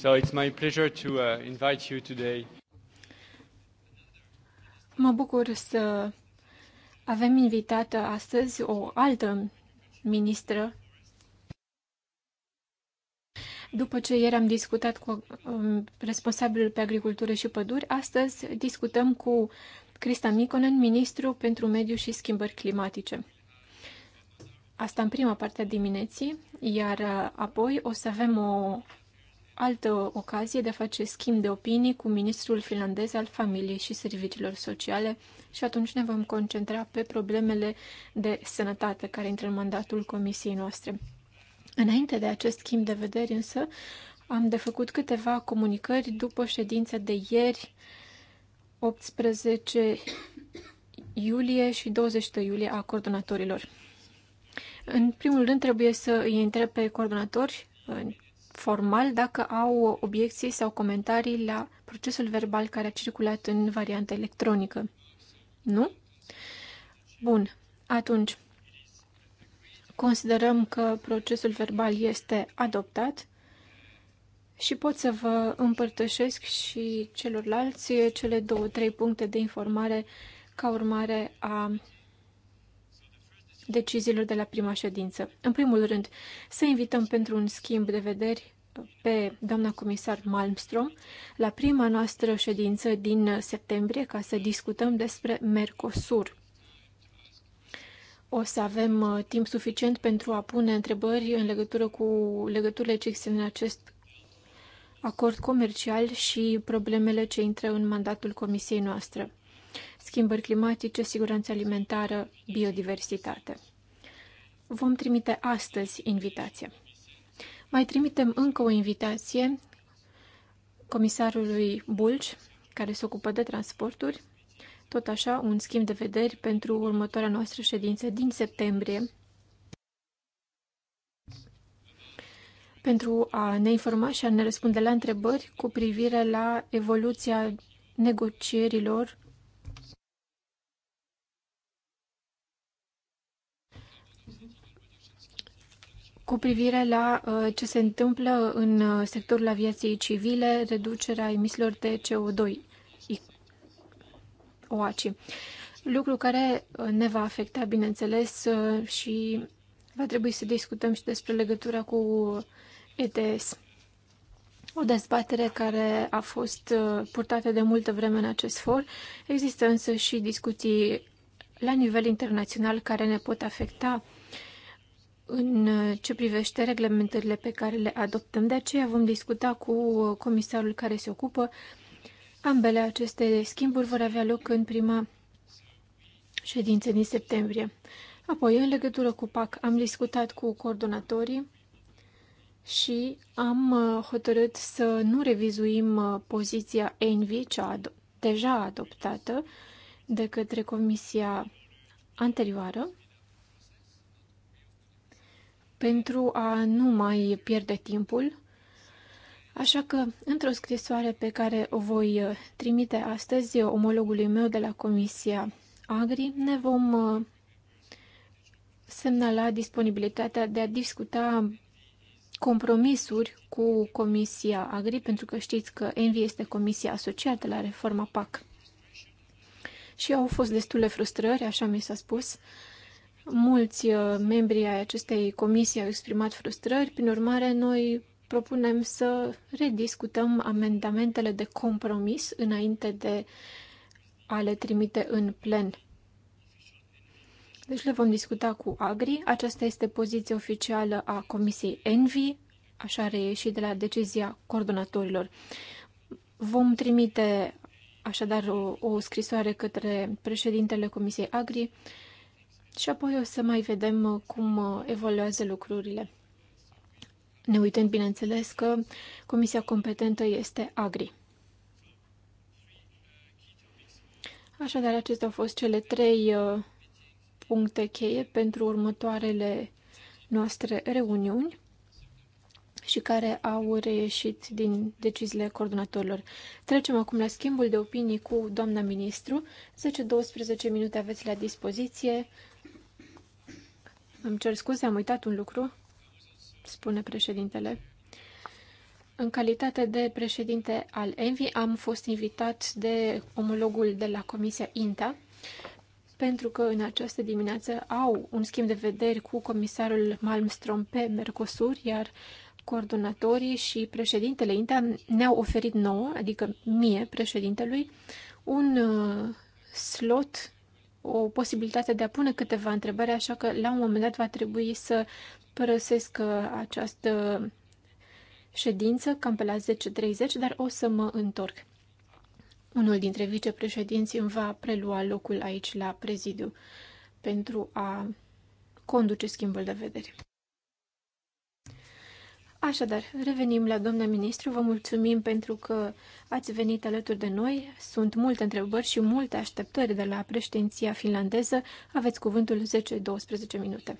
So it's my pleasure to uh, invite you today. Mă bucur să avem invitată astăzi o altă ministră. După ce ieri am discutat cu um, responsabilul pe agricultură și păduri, astăzi discutăm cu Crista Miconen, ministru pentru mediu și schimbări climatice. Asta în prima parte a dimineții, iar uh, apoi o să avem o altă ocazie de a face schimb de opinii cu ministrul finlandez al familiei și serviciilor sociale și atunci ne vom concentra pe problemele de sănătate care intră în mandatul comisiei noastre. Înainte de acest schimb de vederi însă, am de făcut câteva comunicări după ședința de ieri, 18 iulie și 20 iulie a coordonatorilor. În primul rând trebuie să îi întreb pe coordonatori formal dacă au obiecții sau comentarii la procesul verbal care a circulat în varianta electronică. Nu? Bun. Atunci, considerăm că procesul verbal este adoptat și pot să vă împărtășesc și celorlalți cele două, trei puncte de informare ca urmare a deciziilor de la prima ședință. În primul rând, să invităm pentru un schimb de vederi pe doamna comisar Malmström la prima noastră ședință din septembrie ca să discutăm despre Mercosur. O să avem uh, timp suficient pentru a pune întrebări în legătură cu legăturile ce există în acest acord comercial și problemele ce intră în mandatul comisiei noastre schimbări climatice, siguranță alimentară, biodiversitate. Vom trimite astăzi invitația. Mai trimitem încă o invitație comisarului Bulci, care se ocupă de transporturi, tot așa un schimb de vederi pentru următoarea noastră ședință din septembrie, pentru a ne informa și a ne răspunde la întrebări cu privire la evoluția negocierilor cu privire la uh, ce se întâmplă în uh, sectorul aviației civile, reducerea emisiilor de CO2, OACI. Lucru care uh, ne va afecta, bineînțeles, și va trebui să discutăm și despre legătura cu ETS. O dezbatere care a fost purtată de multă vreme în acest for. Există însă și discuții la nivel internațional care ne pot afecta uh, în uh, ce privește reglementările pe care le adoptăm. De aceea vom discuta cu uh, comisarul care se ocupă. Ambele aceste schimburi vor avea loc în prima ședință din septembrie. Apoi, în legătură cu PAC, am discutat cu coordonatorii și am uh, hotărât să nu revizuim poziția ENVI, cea ad- deja adoptată de către comisia anterioară, pentru a nu mai pierde timpul. Așa că, într-o scrisoare pe care o voi trimite astăzi omologului meu de la Comisia Agri, ne vom uh, semnala disponibilitatea de a discuta compromisuri cu Comisia Agri, pentru că știți că ENVI este comisia asociată la reforma PAC. Și au fost destule frustrări, așa mi s-a spus, Mulți uh, membri ai acestei comisii au exprimat frustrări, prin urmare noi propunem să rediscutăm amendamentele de compromis înainte de a le trimite în plen. Deci le vom discuta cu Agri. Aceasta este poziția oficială a Comisiei Envi, așa reieși de la decizia coordonatorilor. Vom trimite așadar o, o scrisoare către președintele Comisiei Agri și apoi o să mai vedem uh, cum uh, evoluează lucrurile. Ne uităm, bineînțeles, că comisia competentă este AGRI. Așadar, acestea au fost cele trei uh, puncte cheie pentru următoarele noastre reuniuni și care au reieșit din deciziile coordonatorilor. Trecem acum la schimbul de opinii cu doamna ministru. 10-12 minute aveți la dispoziție. Îmi cer scuze, am uitat un lucru, spune președintele. În calitate de președinte al Envi, am fost invitat de omologul de la Comisia INTA, pentru că în această dimineață au un schimb de vederi cu comisarul Malmström pe Mercosur, iar coordonatorii și președintele INTA ne-au oferit nouă, adică mie, președintelui, un uh, slot o posibilitate de a pune câteva întrebări, așa că la un moment dat va trebui să părăsesc uh, această ședință cam pe la 10.30, dar o să mă întorc. Unul dintre vicepreședinții îmi va prelua locul aici la prezidiu pentru a conduce schimbul de vedere. Așadar, revenim la domnul ministru. Vă mulțumim pentru că ați venit alături de noi. Sunt multe întrebări și multe așteptări de la președinția finlandeză. Aveți cuvântul 10-12 minute.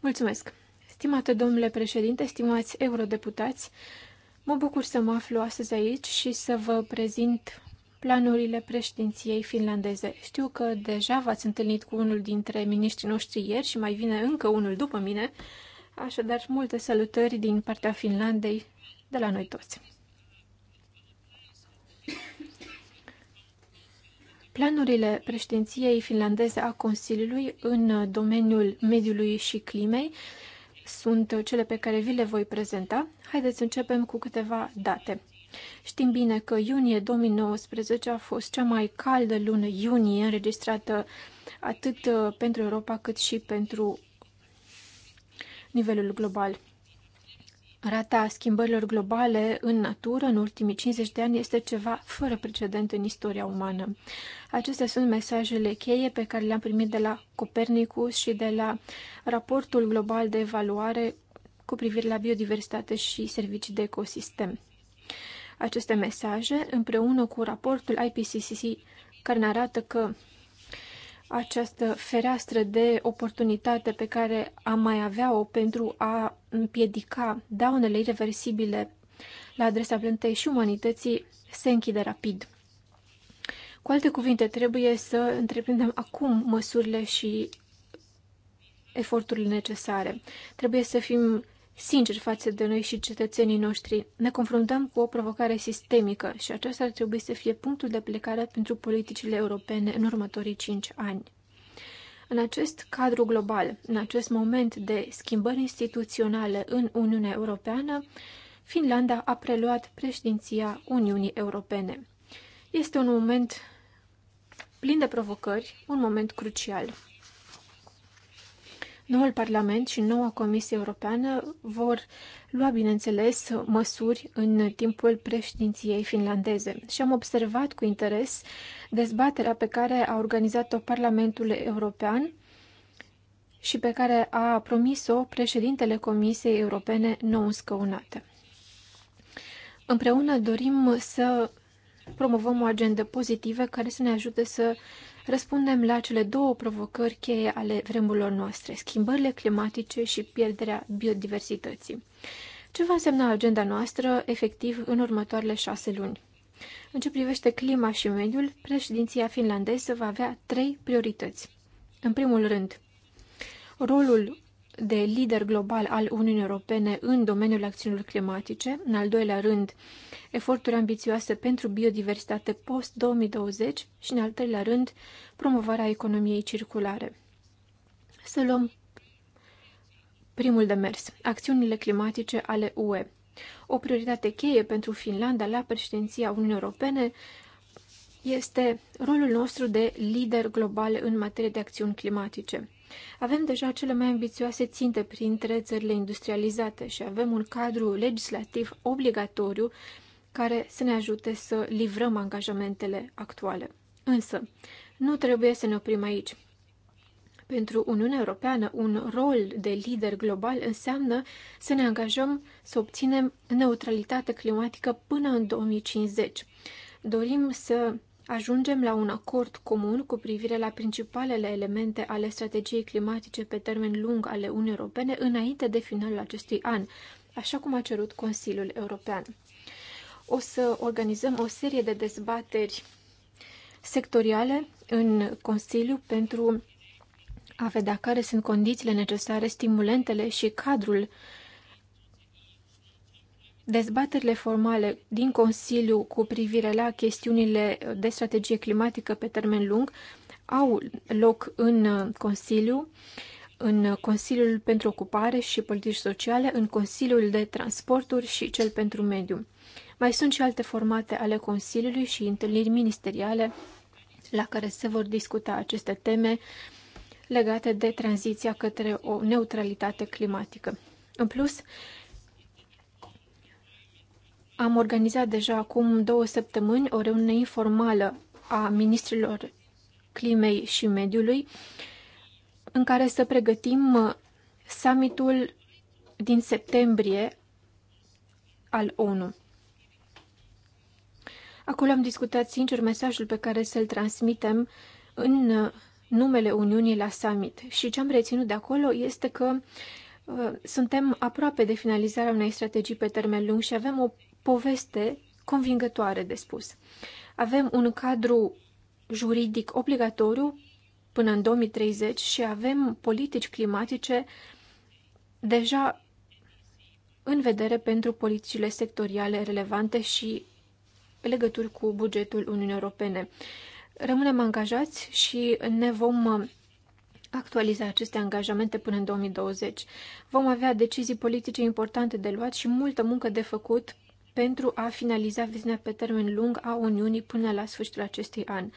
Mulțumesc. Stimate domnule președinte, stimați eurodeputați, mă bucur să mă aflu astăzi aici și să vă prezint planurile președinției finlandeze. Știu că deja v-ați întâlnit cu unul dintre miniștrii noștri ieri și mai vine încă unul după mine, așadar multe salutări din partea Finlandei de la noi toți. Planurile președinției finlandeze a Consiliului în domeniul mediului și climei sunt cele pe care vi le voi prezenta. Haideți să începem cu câteva date. Știm bine că iunie 2019 a fost cea mai caldă lună iunie înregistrată atât uh, pentru Europa cât și pentru nivelul global. Rata schimbărilor globale în natură în ultimii 50 de ani este ceva fără precedent în istoria umană. Acestea sunt mesajele cheie pe care le-am primit de la Copernicus și de la raportul global de evaluare cu privire la biodiversitate și servicii de ecosistem aceste mesaje împreună cu raportul IPCC care ne arată că această fereastră de oportunitate pe care am mai avea-o pentru a împiedica daunele irreversibile la adresa plantei și umanității se închide rapid. Cu alte cuvinte, trebuie să întreprindem acum măsurile și eforturile necesare. Trebuie să fim sinceri față de noi și cetățenii noștri. Ne confruntăm cu o provocare sistemică și aceasta ar trebui să fie punctul de plecare pentru politicile europene în următorii cinci ani. În acest cadru global, în acest moment de schimbări instituționale în Uniunea Europeană, Finlanda a preluat președinția Uniunii Europene. Este un moment plin de provocări, un moment crucial. Noul Parlament și noua Comisie Europeană vor lua, bineînțeles, măsuri în timpul președinției finlandeze. Și am observat cu interes dezbaterea pe care a organizat-o Parlamentul European și pe care a promis-o președintele Comisiei Europene nou scăunată. Împreună dorim să promovăm o agendă pozitivă care să ne ajute să răspundem la cele două provocări cheie ale vremurilor noastre, schimbările climatice și pierderea biodiversității. Ce va însemna agenda noastră efectiv în următoarele șase luni? În ce privește clima și mediul, președinția finlandeză va avea trei priorități. În primul rând, rolul de lider global al Uniunii Europene în domeniul acțiunilor climatice, în al doilea rând eforturi ambițioase pentru biodiversitate post-2020 și, în al treilea rând, promovarea economiei circulare. Să luăm primul de mers, acțiunile climatice ale UE. O prioritate cheie pentru Finlanda la președinția Uniunii Europene este rolul nostru de lider global în materie de acțiuni climatice – avem deja cele mai ambițioase ținte printre țările industrializate și avem un cadru legislativ obligatoriu care să ne ajute să livrăm angajamentele actuale. Însă, nu trebuie să ne oprim aici. Pentru Uniunea Europeană, un rol de lider global înseamnă să ne angajăm să obținem neutralitate climatică până în 2050. Dorim să ajungem la un acord comun cu privire la principalele elemente ale strategiei climatice pe termen lung ale Uniunii Europene înainte de finalul acestui an, așa cum a cerut Consiliul European. O să organizăm o serie de dezbateri sectoriale în Consiliu pentru a vedea care sunt condițiile necesare, stimulentele și cadrul Dezbaterile formale din Consiliu cu privire la chestiunile de strategie climatică pe termen lung au loc în Consiliu, în Consiliul pentru Ocupare și Politici Sociale, în Consiliul de Transporturi și cel pentru Mediu. Mai sunt și alte formate ale Consiliului și întâlniri ministeriale la care se vor discuta aceste teme legate de tranziția către o neutralitate climatică. În plus, am organizat deja acum două săptămâni o reuniune informală a ministrilor climei și mediului în care să pregătim uh, summitul din septembrie al ONU. Acolo am discutat sincer mesajul pe care să-l transmitem în uh, numele Uniunii la summit și ce am reținut de acolo este că uh, suntem aproape de finalizarea unei strategii pe termen lung și avem o poveste convingătoare de spus. Avem un cadru juridic obligatoriu până în 2030 și avem politici climatice deja în vedere pentru politicile sectoriale relevante și legături cu bugetul Uniunii Europene. Rămânem angajați și ne vom actualiza aceste angajamente până în 2020. Vom avea decizii politice importante de luat și multă muncă de făcut pentru a finaliza viziunea pe termen lung a Uniunii până la sfârșitul acestui an.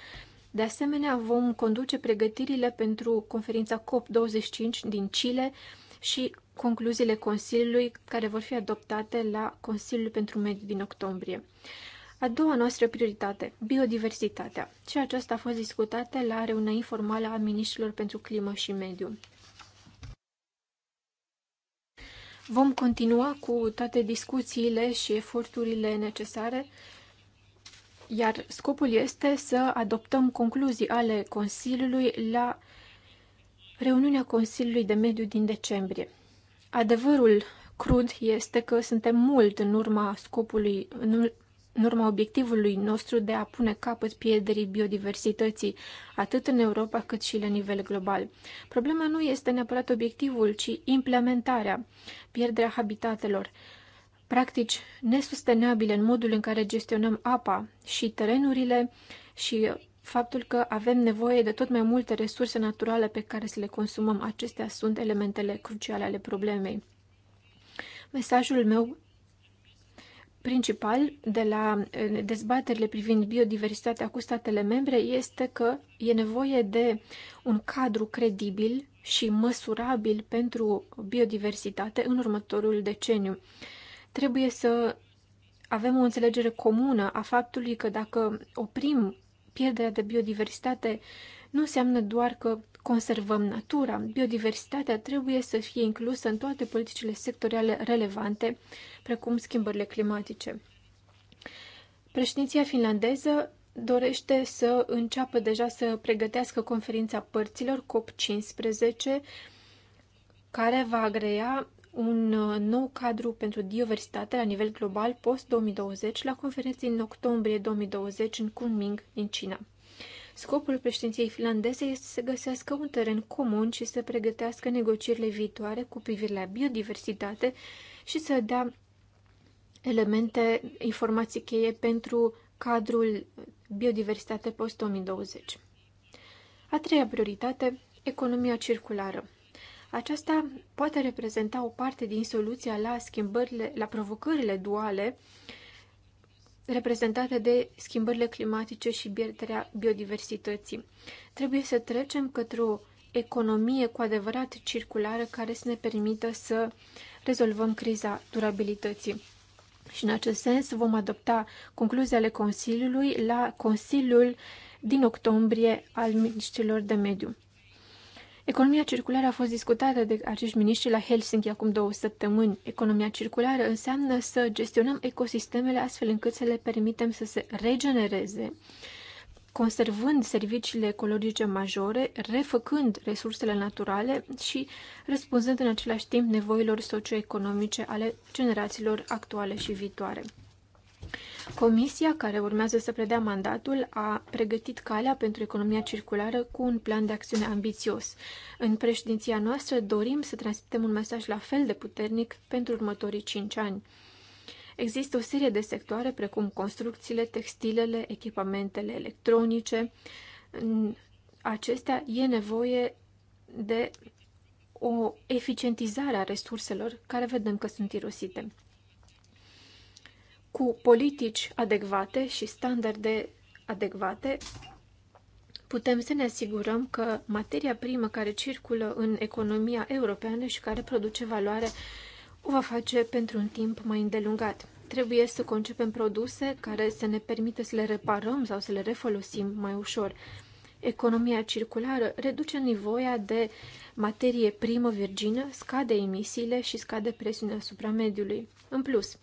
De asemenea, vom conduce pregătirile pentru conferința COP25 din Chile și concluziile Consiliului care vor fi adoptate la Consiliul pentru Mediu din octombrie. A doua noastră prioritate, biodiversitatea. Și aceasta a fost discutată la reuniunea informală a ministrilor pentru climă și mediu. Vom continua cu toate discuțiile și eforturile necesare, iar scopul este să adoptăm concluzii ale Consiliului la reuniunea Consiliului de Mediu din decembrie. Adevărul crud este că suntem mult în urma scopului, în în urma obiectivului nostru de a pune capăt pierderii biodiversității, atât în Europa cât și la nivel global. Problema nu este neapărat obiectivul, ci implementarea, pierderea habitatelor, practici nesustenabile în modul în care gestionăm apa și terenurile și faptul că avem nevoie de tot mai multe resurse naturale pe care să le consumăm. Acestea sunt elementele cruciale ale problemei. Mesajul meu principal de la eh, dezbaterile privind biodiversitatea cu statele membre este că e nevoie de un cadru credibil și măsurabil pentru biodiversitate în următorul deceniu. Trebuie să avem o înțelegere comună a faptului că dacă oprim pierderea de biodiversitate, nu înseamnă doar că conservăm natura. Biodiversitatea trebuie să fie inclusă în toate politicile sectoriale relevante, precum schimbările climatice. Președinția finlandeză dorește să înceapă deja să pregătească conferința părților COP15, care va agrea un nou cadru pentru diversitate la nivel global post-2020 la conferință în octombrie 2020 în Kunming, din China. Scopul președinției finlandeze este să găsească un teren comun și să pregătească negocierile viitoare cu privire la biodiversitate și să dea elemente, informații cheie pentru cadrul biodiversitate post-2020. A treia prioritate, economia circulară. Aceasta poate reprezenta o parte din soluția la schimbările, la provocările duale uh, reprezentată de schimbările climatice și pierderea biodiversității. Trebuie să trecem către o economie cu adevărat circulară care să ne permită să rezolvăm criza durabilității. Și în acest sens vom adopta concluziile ale Consiliului la Consiliul din octombrie al Ministrilor de Mediu. Economia circulară a fost discutată de acești miniștri la Helsinki acum două săptămâni. Economia circulară înseamnă să gestionăm ecosistemele astfel încât să le permitem să se regenereze, conservând serviciile ecologice majore, refăcând resursele naturale și răspunzând în același timp nevoilor socioeconomice ale generațiilor actuale și viitoare. Comisia care urmează să predea mandatul a pregătit calea pentru economia circulară cu un plan de acțiune ambițios. În președinția noastră dorim să transmitem un mesaj la fel de puternic pentru următorii cinci ani. Există o serie de sectoare, precum construcțiile, textilele, echipamentele electronice. În acestea e nevoie de o eficientizare a resurselor care vedem că sunt irosite cu politici adecvate și standarde adecvate, putem să ne asigurăm că materia primă care circulă în economia europeană și care produce valoare o va face pentru un timp mai îndelungat. Trebuie să concepem produse care să ne permită să le reparăm sau să le refolosim mai ușor. Economia circulară reduce nivoia de materie primă virgină, scade emisiile și scade presiunea asupra mediului. În plus,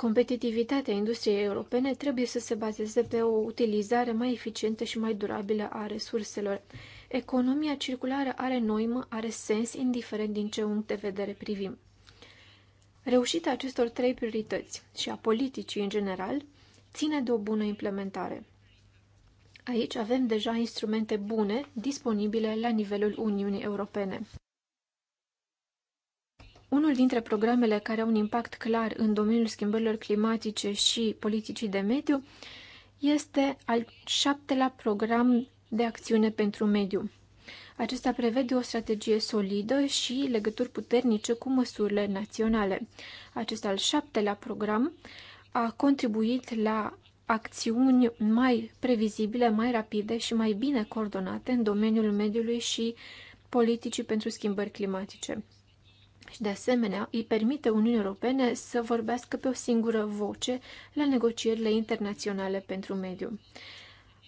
Competitivitatea industriei europene trebuie să se bazeze pe o utilizare mai eficientă și mai durabilă a resurselor. Economia circulară are noimă, are sens, indiferent din ce punct de vedere privim. Reușita acestor trei priorități și a politicii în general ține de o bună implementare. Aici avem deja instrumente bune disponibile la nivelul Uniunii Europene. Unul dintre programele care au un impact clar în domeniul schimbărilor climatice și politicii de mediu este al șaptelea program de acțiune pentru mediu. Acesta prevede o strategie solidă și legături puternice cu măsurile naționale. Acest al șaptelea program a contribuit la acțiuni mai previzibile, mai rapide și mai bine coordonate în domeniul mediului și politicii pentru schimbări climatice și, de asemenea, îi permite Uniunii Europene să vorbească pe o singură voce la negocierile internaționale pentru mediu.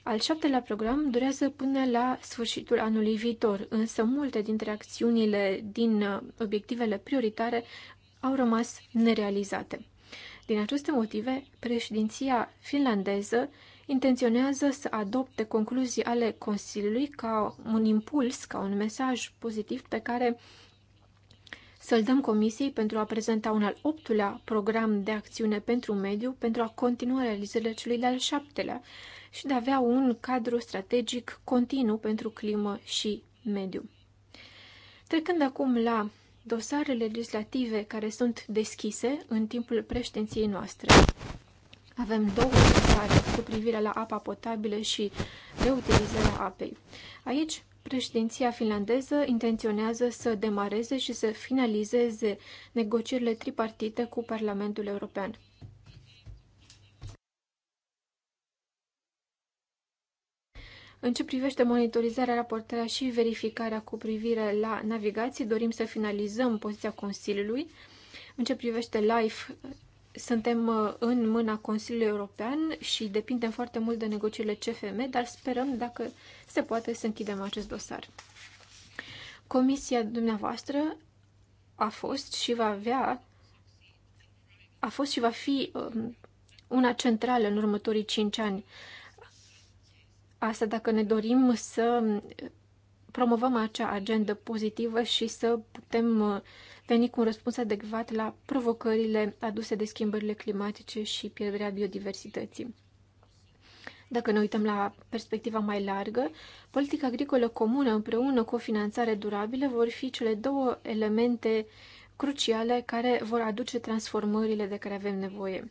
Al șaptelea program durează până la sfârșitul anului viitor, însă multe dintre acțiunile din uh, obiectivele prioritare au rămas nerealizate. Din aceste motive, președinția finlandeză intenționează să adopte concluzii ale Consiliului ca un impuls, ca un mesaj pozitiv pe care să-l dăm Comisiei pentru a prezenta un al optulea program de acțiune pentru mediu, pentru a continua realizările celui de-al șaptelea și de a avea un cadru strategic continuu pentru climă și mediu. Trecând acum la dosarele legislative care sunt deschise în timpul președinției noastre. Avem două dosare cu privire la apa potabilă și reutilizarea apei. Aici Președinția finlandeză intenționează să demareze și să finalizeze negocierile tripartite cu Parlamentul European. În ce privește monitorizarea, raportarea și verificarea cu privire la navigații, dorim să finalizăm poziția Consiliului. În ce privește LIFE, suntem uh, în mâna Consiliului European și depindem foarte mult de negocierile CFM, dar sperăm dacă se poate să închidem acest dosar. Comisia dumneavoastră a fost și va avea, a fost și va fi um, una centrală în următorii cinci ani. Asta dacă ne dorim să promovăm acea agendă pozitivă și să putem uh, veni cu un răspuns adecvat la provocările aduse de schimbările climatice și pierderea biodiversității. Dacă ne uităm la perspectiva mai largă, politica agricolă comună împreună cu o finanțare durabilă vor fi cele două elemente cruciale care vor aduce transformările de care avem nevoie.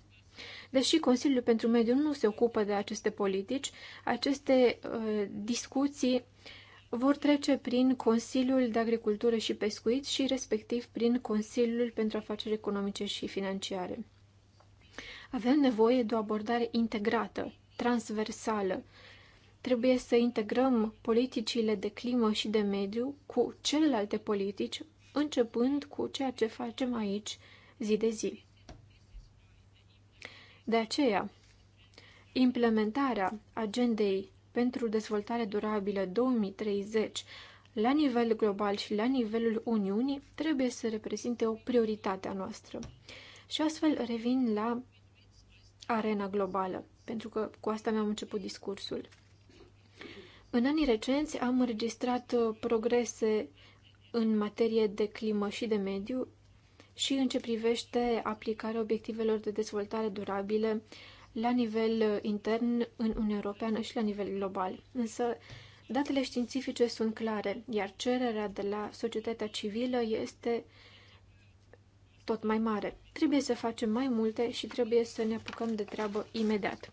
Deși Consiliul pentru Mediu nu se ocupă de aceste politici, aceste uh, discuții vor trece prin Consiliul de Agricultură și Pescuit și respectiv prin Consiliul pentru Afaceri Economice și Financiare. Avem nevoie de o abordare integrată transversală. Trebuie să integrăm politicile de climă și de mediu cu celelalte politici, începând cu ceea ce facem aici zi de zi. De aceea, implementarea agendei pentru dezvoltare durabilă 2030 la nivel global și la nivelul Uniunii trebuie să reprezinte o prioritate a noastră. Și astfel revin la arena globală pentru că cu asta mi-am început discursul. În anii recenți am înregistrat uh, progrese în materie de climă și de mediu și în ce privește aplicarea obiectivelor de dezvoltare durabile la nivel uh, intern în Uniunea Europeană și la nivel global. Însă, datele științifice sunt clare, iar cererea de la societatea civilă este tot mai mare. Trebuie să facem mai multe și trebuie să ne apucăm de treabă imediat.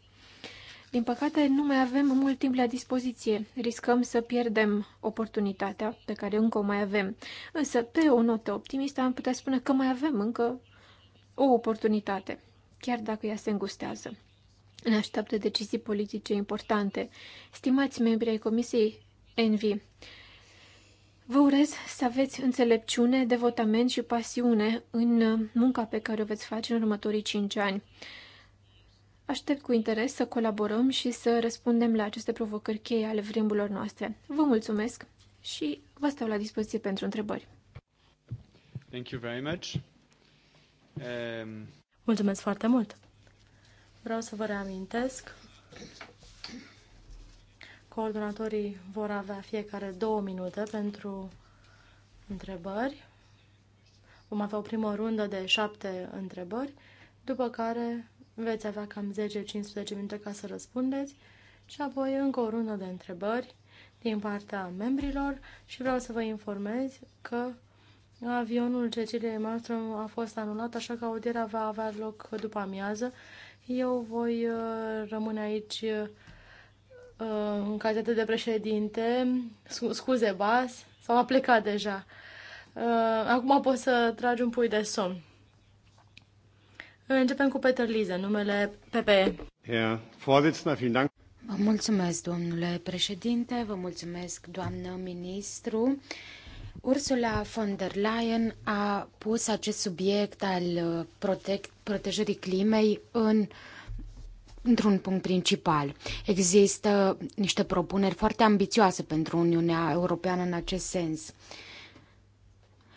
Din păcate, nu mai avem mult timp la dispoziție. Riscăm să pierdem oportunitatea pe care încă o mai avem. Însă, pe o notă optimistă, am putea spune că mai avem încă o oportunitate, chiar dacă ea se îngustează. Ne așteaptă decizii politice importante. Stimați membri ai Comisiei Envi, vă urez să aveți înțelepciune, devotament și pasiune în munca pe care o veți face în următorii 5 ani. Aștept cu interes să colaborăm și să răspundem la aceste provocări cheie ale vremurilor noastre. Vă mulțumesc și vă stau la dispoziție pentru întrebări. Thank you very much. Um... Mulțumesc foarte mult. Vreau să vă reamintesc. Coordonatorii vor avea fiecare două minute pentru întrebări. Vom avea o primă rundă de șapte întrebări, după care Veți avea cam 10-15 minute ca să răspundeți și apoi încă o rundă de întrebări din partea membrilor și vreau să vă informez că avionul Cecilia Malmström a fost anulat, așa că audierea va avea loc după amiază. Eu voi uh, rămâne aici uh, uh, în calitate de președinte, scuze, Bas, sau a plecat deja. Acum pot să tragi un pui de somn. Începem cu Peter Lize, numele PPE. Herr Vorsitzender, Vă mulțumesc, domnule președinte, vă mulțumesc, doamnă ministru. Ursula von der Leyen a pus acest subiect al uh, protect, protejării climei în într-un punct principal. Există niște propuneri foarte ambițioase pentru Uniunea Europeană în acest sens. Uh,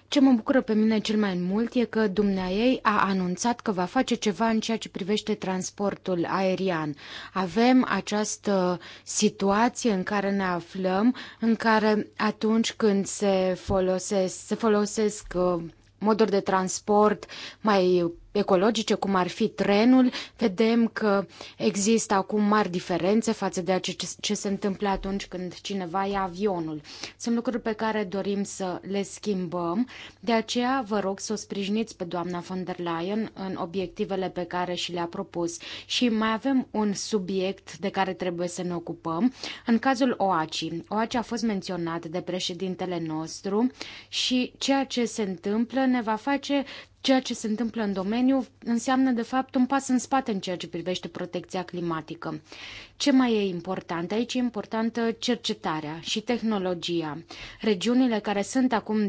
ce mă bucură pe mine cel mai mult e că dumneaei a anunțat că va face ceva în ceea ce privește transportul aerian. Avem această situație în care ne aflăm, în care atunci când se folosesc, se folosesc uh, moduri de transport mai ecologice, cum ar fi trenul, vedem că există acum mari diferențe față de ce se întâmplă atunci când cineva ia avionul. Sunt lucruri pe care dorim să le schimbăm, de aceea vă rog să o sprijiniți pe doamna von der Leyen în obiectivele pe care și le-a propus. Și mai avem un subiect de care trebuie să ne ocupăm, în cazul OACI. OACI a fost menționat de președintele nostru și ceea ce se întâmplă ne va face Ceea ce se întâmplă în domeniu înseamnă, de fapt, un pas în spate în ceea ce privește protecția climatică. Ce mai e important? Aici e importantă cercetarea și tehnologia. Regiunile care sunt acum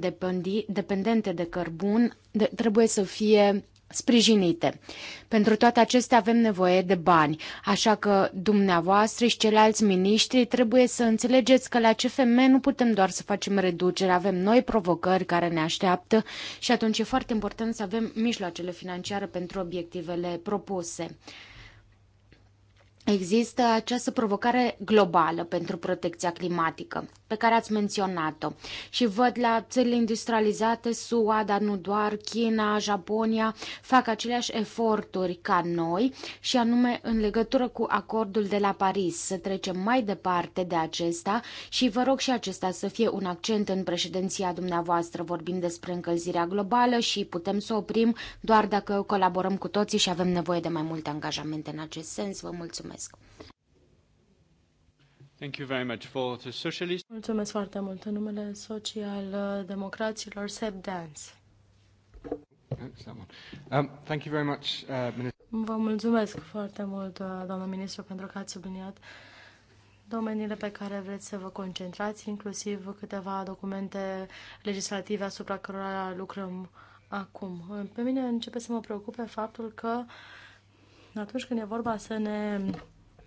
dependente de cărbun de, trebuie să fie sprijinite. Pentru toate acestea avem nevoie de bani, așa că dumneavoastră și ceilalți miniștri trebuie să înțelegeți că la CFM nu putem doar să facem reduceri, avem noi provocări care ne așteaptă și atunci e foarte important să avem mijloacele financiare pentru obiectivele propuse. Există această provocare globală pentru protecția climatică pe care ați menționat-o. Și văd la țările industrializate, SUA, dar nu doar, China, Japonia, fac aceleași eforturi ca noi și anume în legătură cu acordul de la Paris, să trecem mai departe de acesta și vă rog și acesta să fie un accent în președinția dumneavoastră. Vorbim despre încălzirea globală și putem să oprim doar dacă colaborăm cu toții și avem nevoie de mai multe angajamente în acest sens. Vă mulțumesc! Thank you very much for the socialist. Mulțumesc foarte mult în numele social-democraților Seb Dance. Um, thank you very much, uh, Vă mulțumesc foarte mult, uh, doamnă ministru, pentru că ați subliniat domeniile pe care vreți să vă concentrați, inclusiv câteva documente legislative asupra cărora lucrăm acum. Pe mine începe să mă preocupe faptul că atunci când e vorba să ne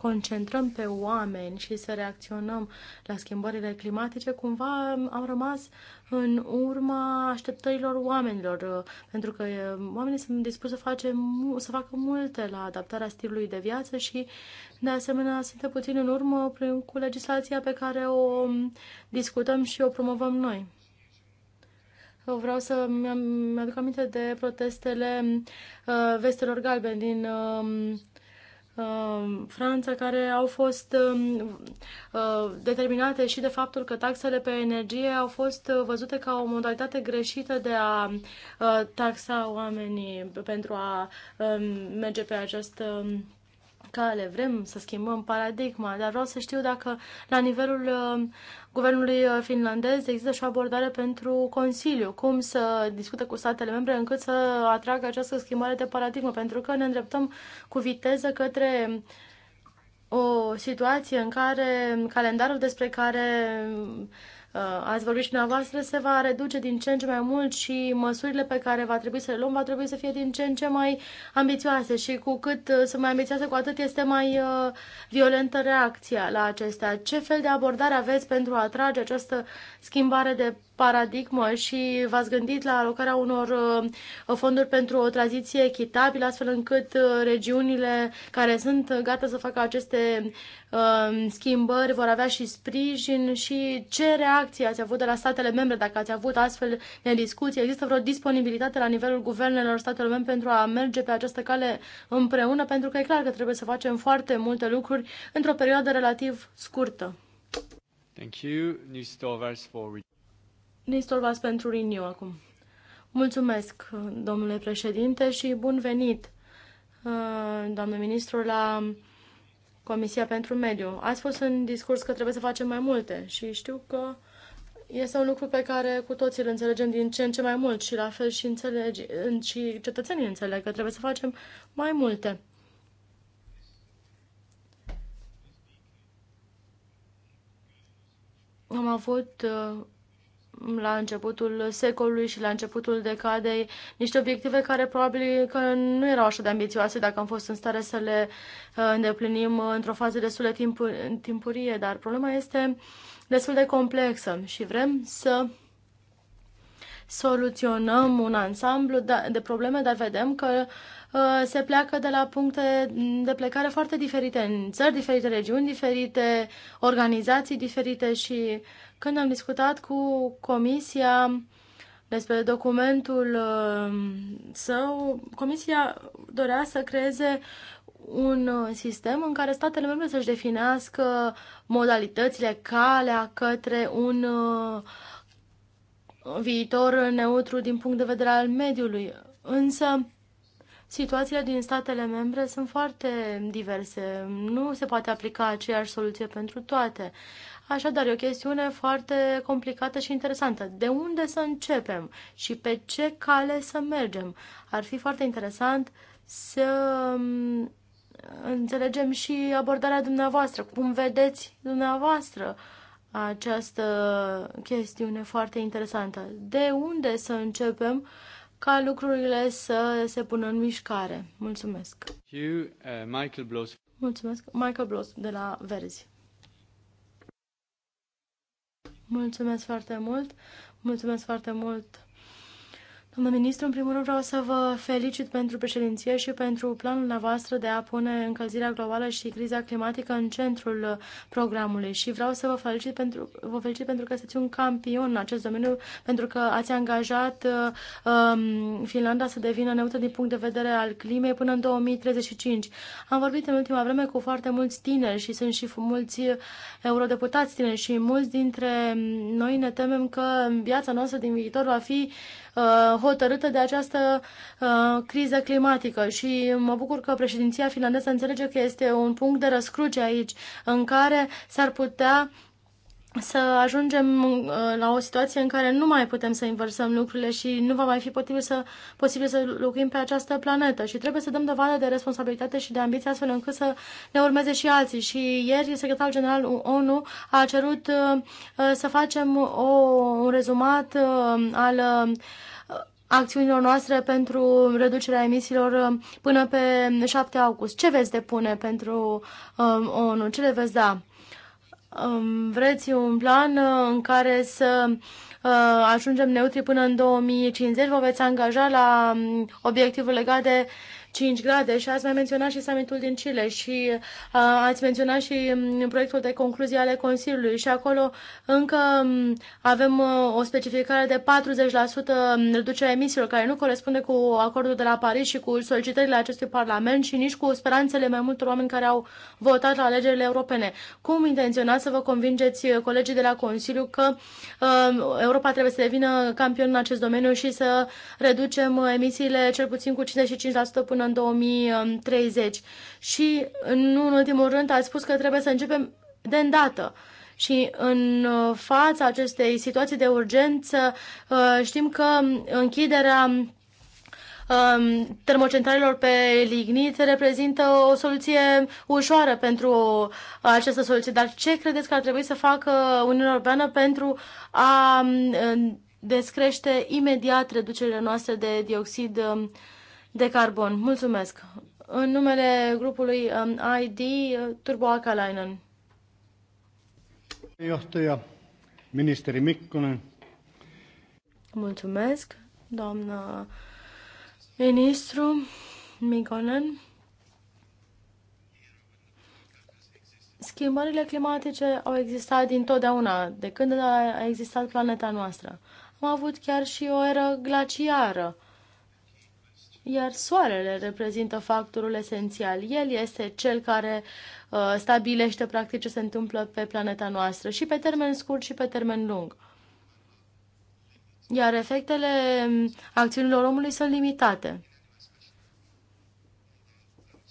concentrăm pe oameni și să reacționăm la schimbările climatice, cumva am rămas în urma așteptărilor oamenilor, pentru că oamenii sunt dispuși să, face, să facă multe la adaptarea stilului de viață și, de asemenea, suntem puțin în urmă prin, cu legislația pe care o discutăm și o promovăm noi. Eu vreau să mi-aduc aminte de protestele uh, vestelor galbene din uh, Um, Franța, care au fost um, uh, determinate și de faptul că taxele pe energie au fost uh, văzute ca o modalitate greșită de a uh, taxa oamenii pentru a um, merge pe această radicale, vrem să schimbăm paradigma, dar vreau să știu dacă la nivelul uh, guvernului uh, finlandez există și o abordare pentru Consiliu, cum să discute cu statele membre încât să atragă această schimbare de paradigmă, pentru că ne îndreptăm cu viteză către o situație în care calendarul despre care Uh, ați vorbit și dumneavoastră, se va reduce din ce în ce mai mult și măsurile pe care va trebui să le luăm va trebui să fie din ce în ce mai ambițioase și cu cât uh, sunt mai ambițioase, cu atât este mai uh, violentă reacția la acestea. Ce fel de abordare aveți pentru a atrage această schimbare de paradigmă și v-ați gândit la alocarea unor uh, fonduri pentru o tranziție echitabilă, astfel încât uh, regiunile care sunt gata să facă aceste uh, schimbări vor avea și sprijin și ce reacție ați avut de la statele membre, dacă ați avut astfel de discuții? Există vreo disponibilitate la nivelul guvernelor statelor membre pentru a merge pe această cale împreună? Pentru că e clar că trebuie să facem foarte multe lucruri într-o perioadă relativ scurtă. Thank you, for Nistorvas pentru Riniu acum. Mulțumesc, domnule președinte, și bun venit, uh, doamnă ministru, la Comisia pentru Mediu. Ați fost în discurs că trebuie să facem mai multe și știu că este un lucru pe care cu toții îl înțelegem din ce în ce mai mult și la fel și, înțelegi, și cetățenii înțeleg că trebuie să facem mai multe. Am avut uh, la începutul secolului și la începutul decadei niște obiective care probabil că nu erau așa de ambițioase dacă am fost în stare să le uh, îndeplinim într-o fază destul de timpurie, dar problema este destul de complexă și vrem să soluționăm un ansamblu de probleme, dar vedem că uh, Uh, se pleacă de la puncte de plecare foarte diferite în țări diferite, regiuni diferite, organizații diferite și când am discutat cu comisia despre documentul uh, său, comisia dorea să creeze un sistem în care statele membre să-și definească modalitățile, calea către un uh, viitor neutru din punct de vedere al mediului. Însă, Situațiile din statele membre sunt foarte diverse. Nu se poate aplica aceeași soluție pentru toate. Așadar, e o chestiune foarte complicată și interesantă. De unde să începem și pe ce cale să mergem? Ar fi foarte interesant să mm, înțelegem și abordarea dumneavoastră. Cum vedeți dumneavoastră această chestiune foarte interesantă? De unde să începem? Uh, ca lucrurile să se pună în mișcare. Mulțumesc! You, uh, Michael Bloss. Mulțumesc! Michael Bloss de la Verzi. Mulțumesc foarte mult! Mulțumesc foarte mult Domnul ministru, în primul rând vreau să vă felicit pentru președinție și pentru planul noastră de a pune încălzirea globală și criza climatică în centrul programului și vreau să vă felicit pentru, vă felicit pentru că sunteți un campion în acest domeniu, pentru că ați angajat um, Finlanda să devină neutră din punct de vedere al climei până în 2035. Am vorbit în ultima vreme cu foarte mulți tineri și sunt și mulți eurodeputați tineri și mulți dintre noi ne temem că viața noastră din viitor va fi Uh, hotărâtă de această uh, criză climatică și mă bucur că președinția finlandeză înțelege că este un punct de răscruce aici în care s-ar putea să ajungem uh, la o situație în care nu mai putem să inversăm lucrurile și nu va mai fi posibil să, posibil să locuim pe această planetă și trebuie să dăm dovadă de responsabilitate și de ambiție astfel încât să ne urmeze și alții. Și ieri secretarul general ONU a cerut uh, uh, să facem o, un rezumat al acțiunilor noastre pentru reducerea emisiilor până pe 7 august. Ce veți depune pentru ONU? Ce le veți da? vreți un plan uh, în care să uh, ajungem neutri până în 2050, vă veți angaja la um, obiectivul legat de 5 grade și ați mai menționat și summitul din Chile și uh, ați menționat și mm, proiectul de concluzii ale Consiliului și acolo încă mm, avem uh, o specificare de 40% mm, reducerea emisiilor care nu corespunde cu acordul de la Paris și cu solicitările acestui Parlament și nici cu speranțele mai multor oameni care au votat la alegerile europene. Cum intenționați să vă convingeți uh, colegii de la Consiliu că Europa trebuie să devină campion în acest domeniu și să reducem emisiile cel puțin cu 55% până până în 2030. Și, nu în ultimul rând, ați spus că trebuie să începem de îndată. Și în uh, fața acestei situații de urgență uh, știm că închiderea um, termocentralelor pe lignit reprezintă o soluție ușoară pentru această soluție. Dar ce credeți că ar trebui să facă Uniunea Europeană pentru a um, descrește imediat reducerile noastre de dioxid um, de carbon. Mulțumesc! În numele grupului um, ID, Turbo Akalainen. Johtaja, ministeri Mikkonen. Mulțumesc, doamnă ministru Mikkonen. Schimbările climatice au existat dintotdeauna, de când a existat planeta noastră. Am avut chiar și o eră glaciară iar soarele reprezintă factorul esențial. El este cel care uh, stabilește practic ce se întâmplă pe planeta noastră și pe termen scurt și pe termen lung. Iar efectele mm, acțiunilor omului sunt limitate.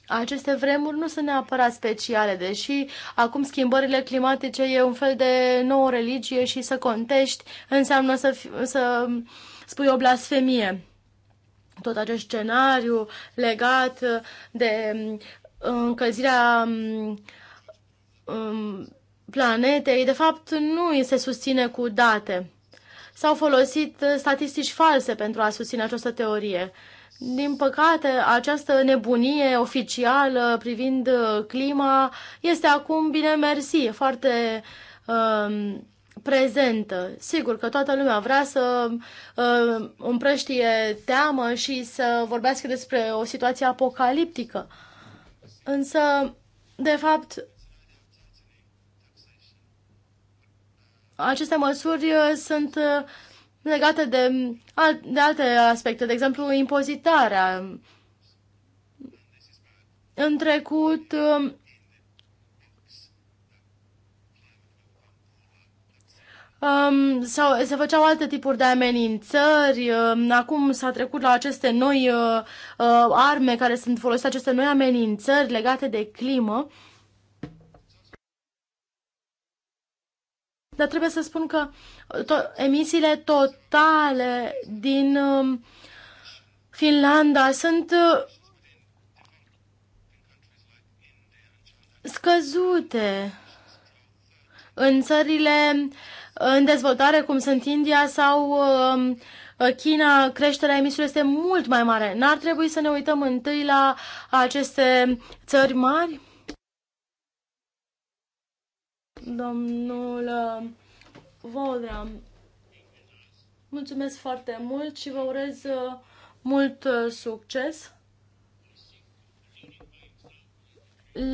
Aceste vremuri nu sunt neapărat speciale, deși acum schimbările climatice e un fel de nouă religie și să contești înseamnă să, fi, să mm, spui o blasfemie tot acest scenariu legat de mm, încălzirea mm, mm, planetei, de fapt nu se susține cu date. S-au folosit statistici false pentru a susține această teorie. Din păcate, această nebunie oficială privind clima este acum bine mersi, foarte Uh, prezentă. Sigur că toată lumea vrea să uh, împrăștie teamă și să vorbească despre o situație apocaliptică. Însă, de fapt, aceste măsuri uh, sunt uh, legate de, de alte aspecte, de exemplu, impozitarea. În trecut, uh, Um, sau se făceau alte tipuri de amenințări, um, acum s-a trecut la aceste noi uh, uh, arme care sunt folosite, aceste noi amenințări legate de climă. Dar trebuie să spun că to- emisiile totale din uh, Finlanda sunt uh, scăzute în țările uh, în dezvoltare, cum sunt India sau um, China, creșterea emisiilor este mult mai mare. N-ar trebui să ne uităm întâi la aceste țări mari? Domnul um, Vodra, mulțumesc foarte mult și vă urez uh, mult uh, succes.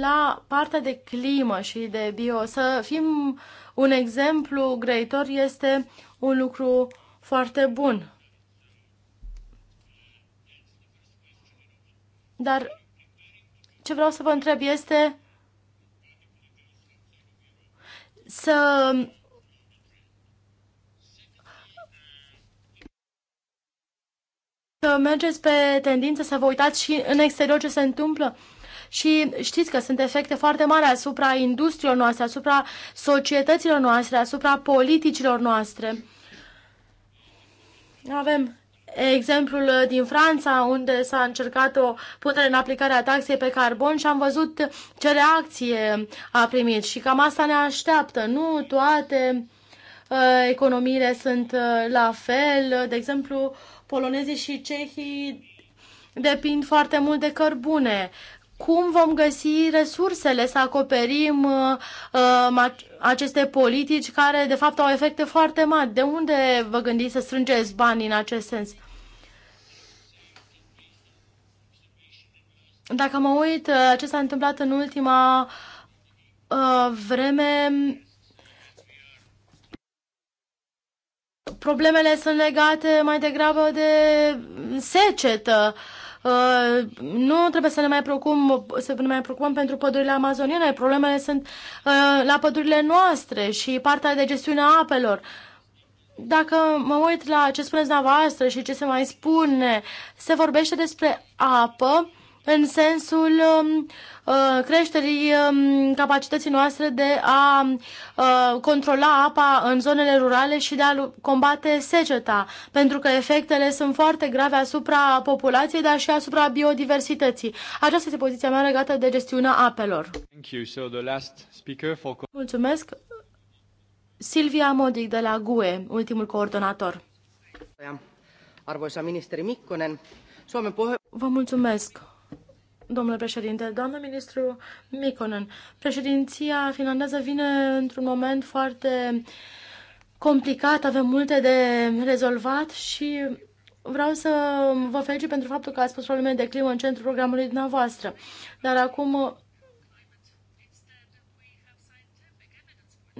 La partea de climă și de bio, să fim uh, un exemplu greitor este un lucru foarte bun. Dar ce vreau să vă întreb este să să mergeți pe tendință să vă uitați și în exterior ce se întâmplă și știți că sunt efecte foarte mari asupra industriilor noastre, asupra societăților noastre, asupra politicilor noastre. Avem exemplul din Franța, unde s-a încercat o punere în aplicare a taxei pe carbon și am văzut ce reacție a primit și cam asta ne așteaptă. Nu toate uh, economiile sunt uh, la fel. De exemplu, polonezii și cehii depind foarte mult de cărbune cum vom găsi resursele să acoperim uh, uh aceste politici care, de fapt, au efecte foarte mari. De unde vă gândiți să strângeți bani în acest sens? Dacă mă uit uh, ce s-a întâmplat în ultima uh, vreme, problemele sunt legate mai degrabă de secetă. Uh, Uh, nu trebuie să ne mai preocupăm, să ne mai preocupăm pentru pădurile amazoniene. Problemele sunt uh, la pădurile noastre și partea de gestiune a apelor dacă mă uit la ce spuneți dumneavoastră și ce se mai spune, se vorbește despre apă în sensul um, Uh, creșterii um, capacității noastre de a uh, controla apa în zonele rurale și de a combate seceta, pentru că efectele sunt foarte grave asupra populației, dar și asupra biodiversității. Aceasta este poziția mea legată de gestiunea apelor. Mulțumesc. Silvia Modic de la GUE, ultimul coordonator. Arvoisa ministeri Mikkonen, Suomen puhe... Vă mulțumesc, Domnule președinte, doamnă ministru Mikonen, președinția finlandeză vine într-un moment foarte complicat, avem multe de rezolvat și vreau să vă felicit pentru faptul că ați pus probleme de climă în centrul programului dumneavoastră. Dar acum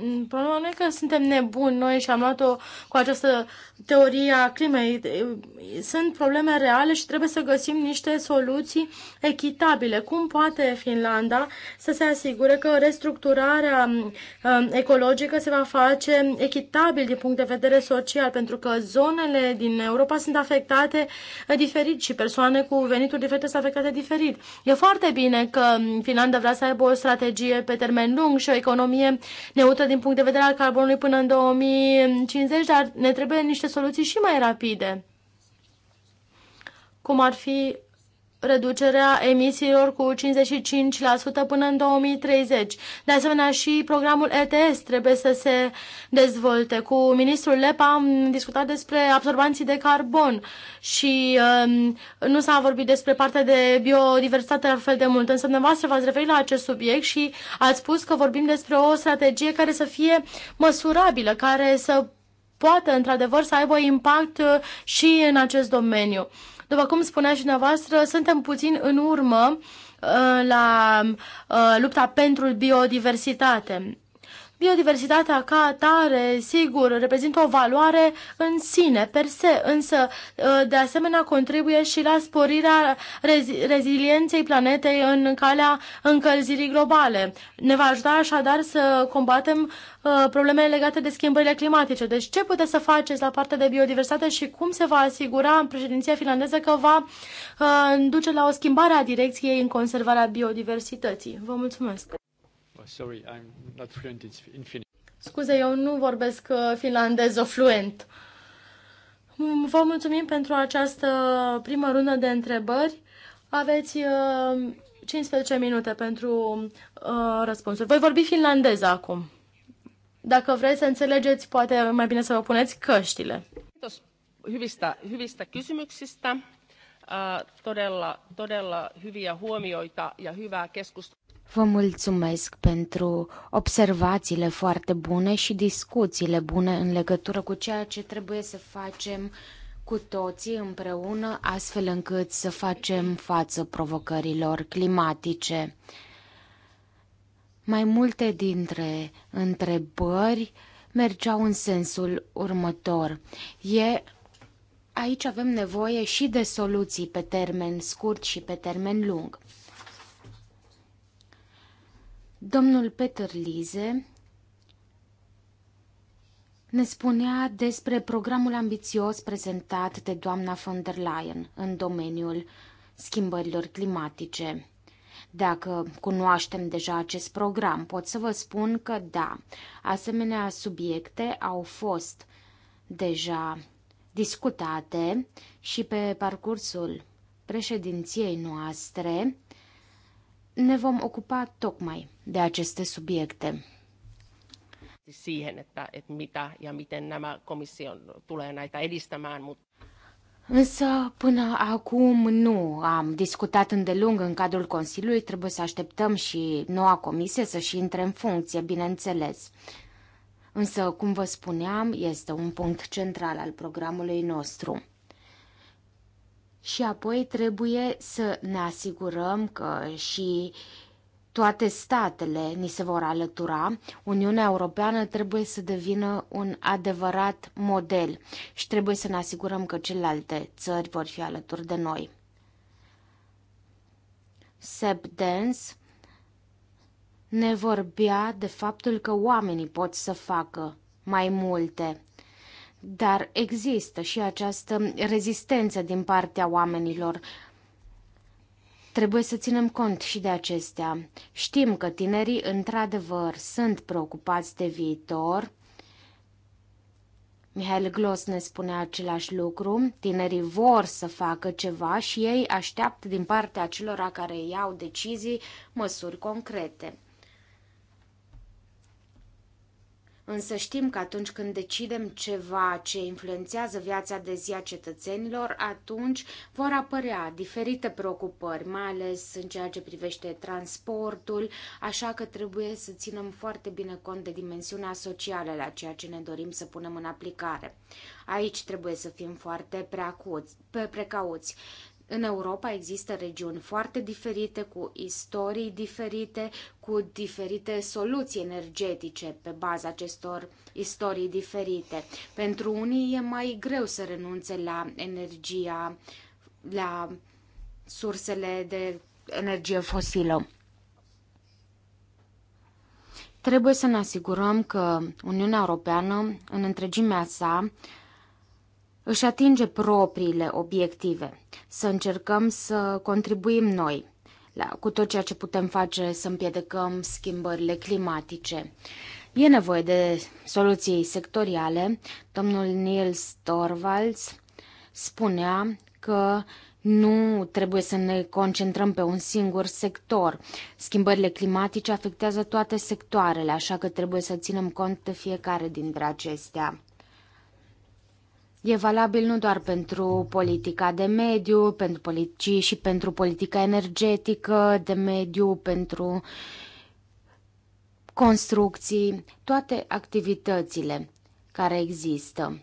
Mm, problema nu e că suntem nebuni noi și am luat-o cu această teorie a crimei. Sunt probleme reale și trebuie să găsim niște soluții echitabile. Cum poate Finlanda să se asigure că restructurarea mm, um, ecologică se va face echitabil din punct de vedere social, pentru că zonele din Europa sunt afectate uh, diferit și persoane cu venituri diferite sunt afectate diferit. E foarte bine că mm, Finlanda vrea să aibă o strategie pe termen lung și o economie neutră din punct de vedere al carbonului până în 2050, dar ne trebuie niște soluții și mai rapide, cum ar fi reducerea emisiilor cu 55% până în 2030. De asemenea, și programul ETS trebuie să se dezvolte. Cu ministrul Lepa am discutat despre absorbanții de carbon și um, nu s-a vorbit despre partea de biodiversitate la fel de mult. Însă dumneavoastră v-ați referit la acest subiect și ați spus că vorbim despre o strategie care să fie măsurabilă, care să poată într-adevăr să aibă impact uh, și în acest domeniu. După cum spunea și dumneavoastră, suntem puțin în urmă uh, la uh, lupta pentru biodiversitate. Biodiversitatea ca atare, sigur, reprezintă o valoare în sine, per se, însă, ă, de asemenea, contribuie și la sporirea rezi rezilienței planetei în calea încălzirii globale. Ne va ajuta așadar să combatem ă, problemele legate de schimbările climatice. Deci ce puteți să faceți la partea de biodiversitate și cum se va asigura în președinția finlandeză că va ă, duce la o schimbare a direcției în conservarea biodiversității? Vă mulțumesc! Sorry, I'm not fluent in Finnish. Scuze, eu nu vorbesc uh, finlandez o fluent. Vă mulțumim pentru această primă rundă de întrebări. Aveți 15 uh, minute pentru uh, răspunsuri. Voi vorbi finlandez acum. Dacă vreți să înțelegeți, poate mai bine să vă puneți căștile. Hyvistä, hyvistä kysymyksistä. Todella, todella hyviä huomioita ja hyvää keskustelua. Vă mulțumesc pentru observațiile foarte bune și discuțiile bune în legătură cu ceea ce trebuie să facem cu toții împreună, astfel încât să facem față provocărilor climatice. Mai multe dintre întrebări mergeau în sensul următor. E aici avem nevoie și de soluții pe termen scurt și pe termen lung. Domnul Peter Lize ne spunea despre programul ambițios prezentat de doamna von der Leyen în domeniul schimbărilor climatice. Dacă cunoaștem deja acest program, pot să vă spun că da, asemenea subiecte au fost deja discutate și pe parcursul președinției noastre, ne vom ocupa tocmai de aceste subiecte. Siihen, että, että mitä ja miten nämä komission tulee näitä edistämään, mutta Însă, până acum nu am discutat îndelung în cadrul Consiliului, trebuie să așteptăm și noua comisie să-și intre în funcție, bineînțeles. Însă, cum vă spuneam, este un punct central al programului nostru. Și apoi trebuie să ne asigurăm că și toate statele ni se vor alătura, Uniunea Europeană trebuie să devină un adevărat model și trebuie să ne asigurăm că celelalte țări vor fi alături de noi. Seb Dance ne vorbea de faptul că oamenii pot să facă mai multe dar există și această rezistență din partea oamenilor. Trebuie să ținem cont și de acestea. Știm că tinerii, într-adevăr, sunt preocupați de viitor. Mihail Glos ne spune același lucru. Tinerii vor să facă ceva și ei așteaptă din partea celor care iau decizii măsuri concrete. Însă știm că atunci când decidem ceva ce influențează viața de zi a cetățenilor, atunci vor apărea diferite preocupări, mai ales în ceea ce privește transportul, așa că trebuie să ținem foarte bine cont de dimensiunea socială la ceea ce ne dorim să punem în aplicare. Aici trebuie să fim foarte precauți. În Europa există regiuni foarte diferite, cu istorii diferite, cu diferite soluții energetice pe baza acestor istorii diferite. Pentru unii e mai greu să renunțe la energia, la sursele de energie fosilă. Trebuie să ne asigurăm că Uniunea Europeană, în întregimea sa, își atinge propriile obiective, să încercăm să contribuim noi la, cu tot ceea ce putem face să împiedicăm schimbările climatice. E nevoie de soluții sectoriale. Domnul Niels Torvalds spunea că nu trebuie să ne concentrăm pe un singur sector. Schimbările climatice afectează toate sectoarele, așa că trebuie să ținem cont de fiecare dintre acestea. E valabil nu doar pentru politica de mediu, pentru politici și pentru politica energetică, de mediu, pentru construcții, toate activitățile care există.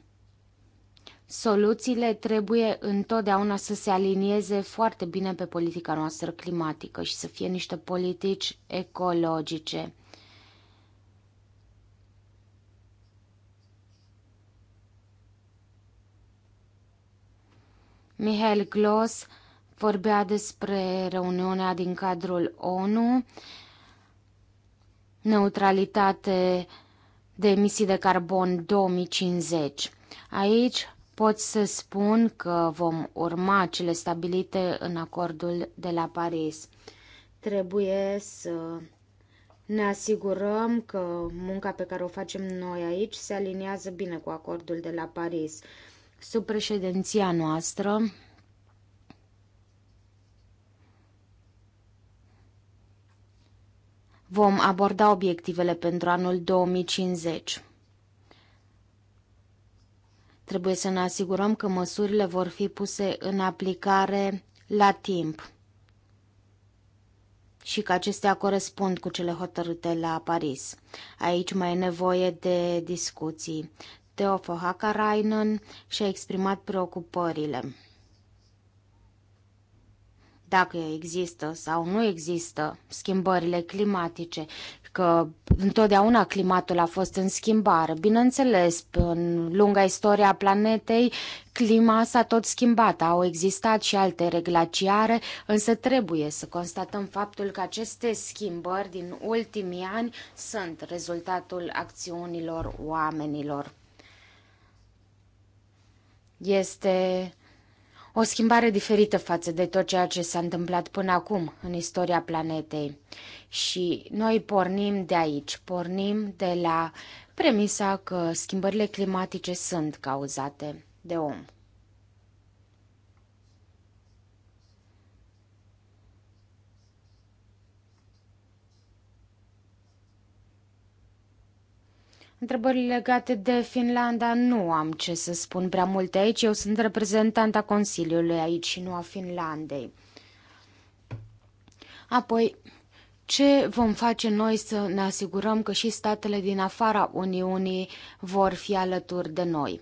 Soluțiile trebuie întotdeauna să se alinieze foarte bine pe politica noastră climatică și să fie niște politici ecologice. Mihail Glos vorbea despre reuniunea din cadrul ONU, neutralitate de emisii de carbon 2050. Aici pot să spun că vom urma cele stabilite în acordul de la Paris. Trebuie să ne asigurăm că munca pe care o facem noi aici se aliniază bine cu acordul de la Paris. Sub președinția noastră, vom aborda obiectivele pentru anul 2050. Trebuie să ne asigurăm că măsurile vor fi puse în aplicare la timp și că acestea corespund cu cele hotărâte la Paris. Aici mai e nevoie de discuții. Teofo Hakarainen și-a exprimat preocupările. Dacă există sau nu există schimbările climatice, că întotdeauna climatul a fost în schimbare. Bineînțeles, în lunga istoria planetei, clima s-a tot schimbat, au existat și alte reglaciare, însă trebuie să constatăm faptul că aceste schimbări din ultimii ani sunt rezultatul acțiunilor oamenilor. Este o schimbare diferită față de tot ceea ce s-a întâmplat până acum în istoria planetei. Și noi pornim de aici, pornim de la premisa că schimbările climatice sunt cauzate de om. Întrebări legate de Finlanda nu am ce să spun prea multe aici. Eu sunt reprezentanta Consiliului aici și nu a Finlandei. Apoi, ce vom face noi să ne asigurăm că și statele din afara Uniunii vor fi alături de noi?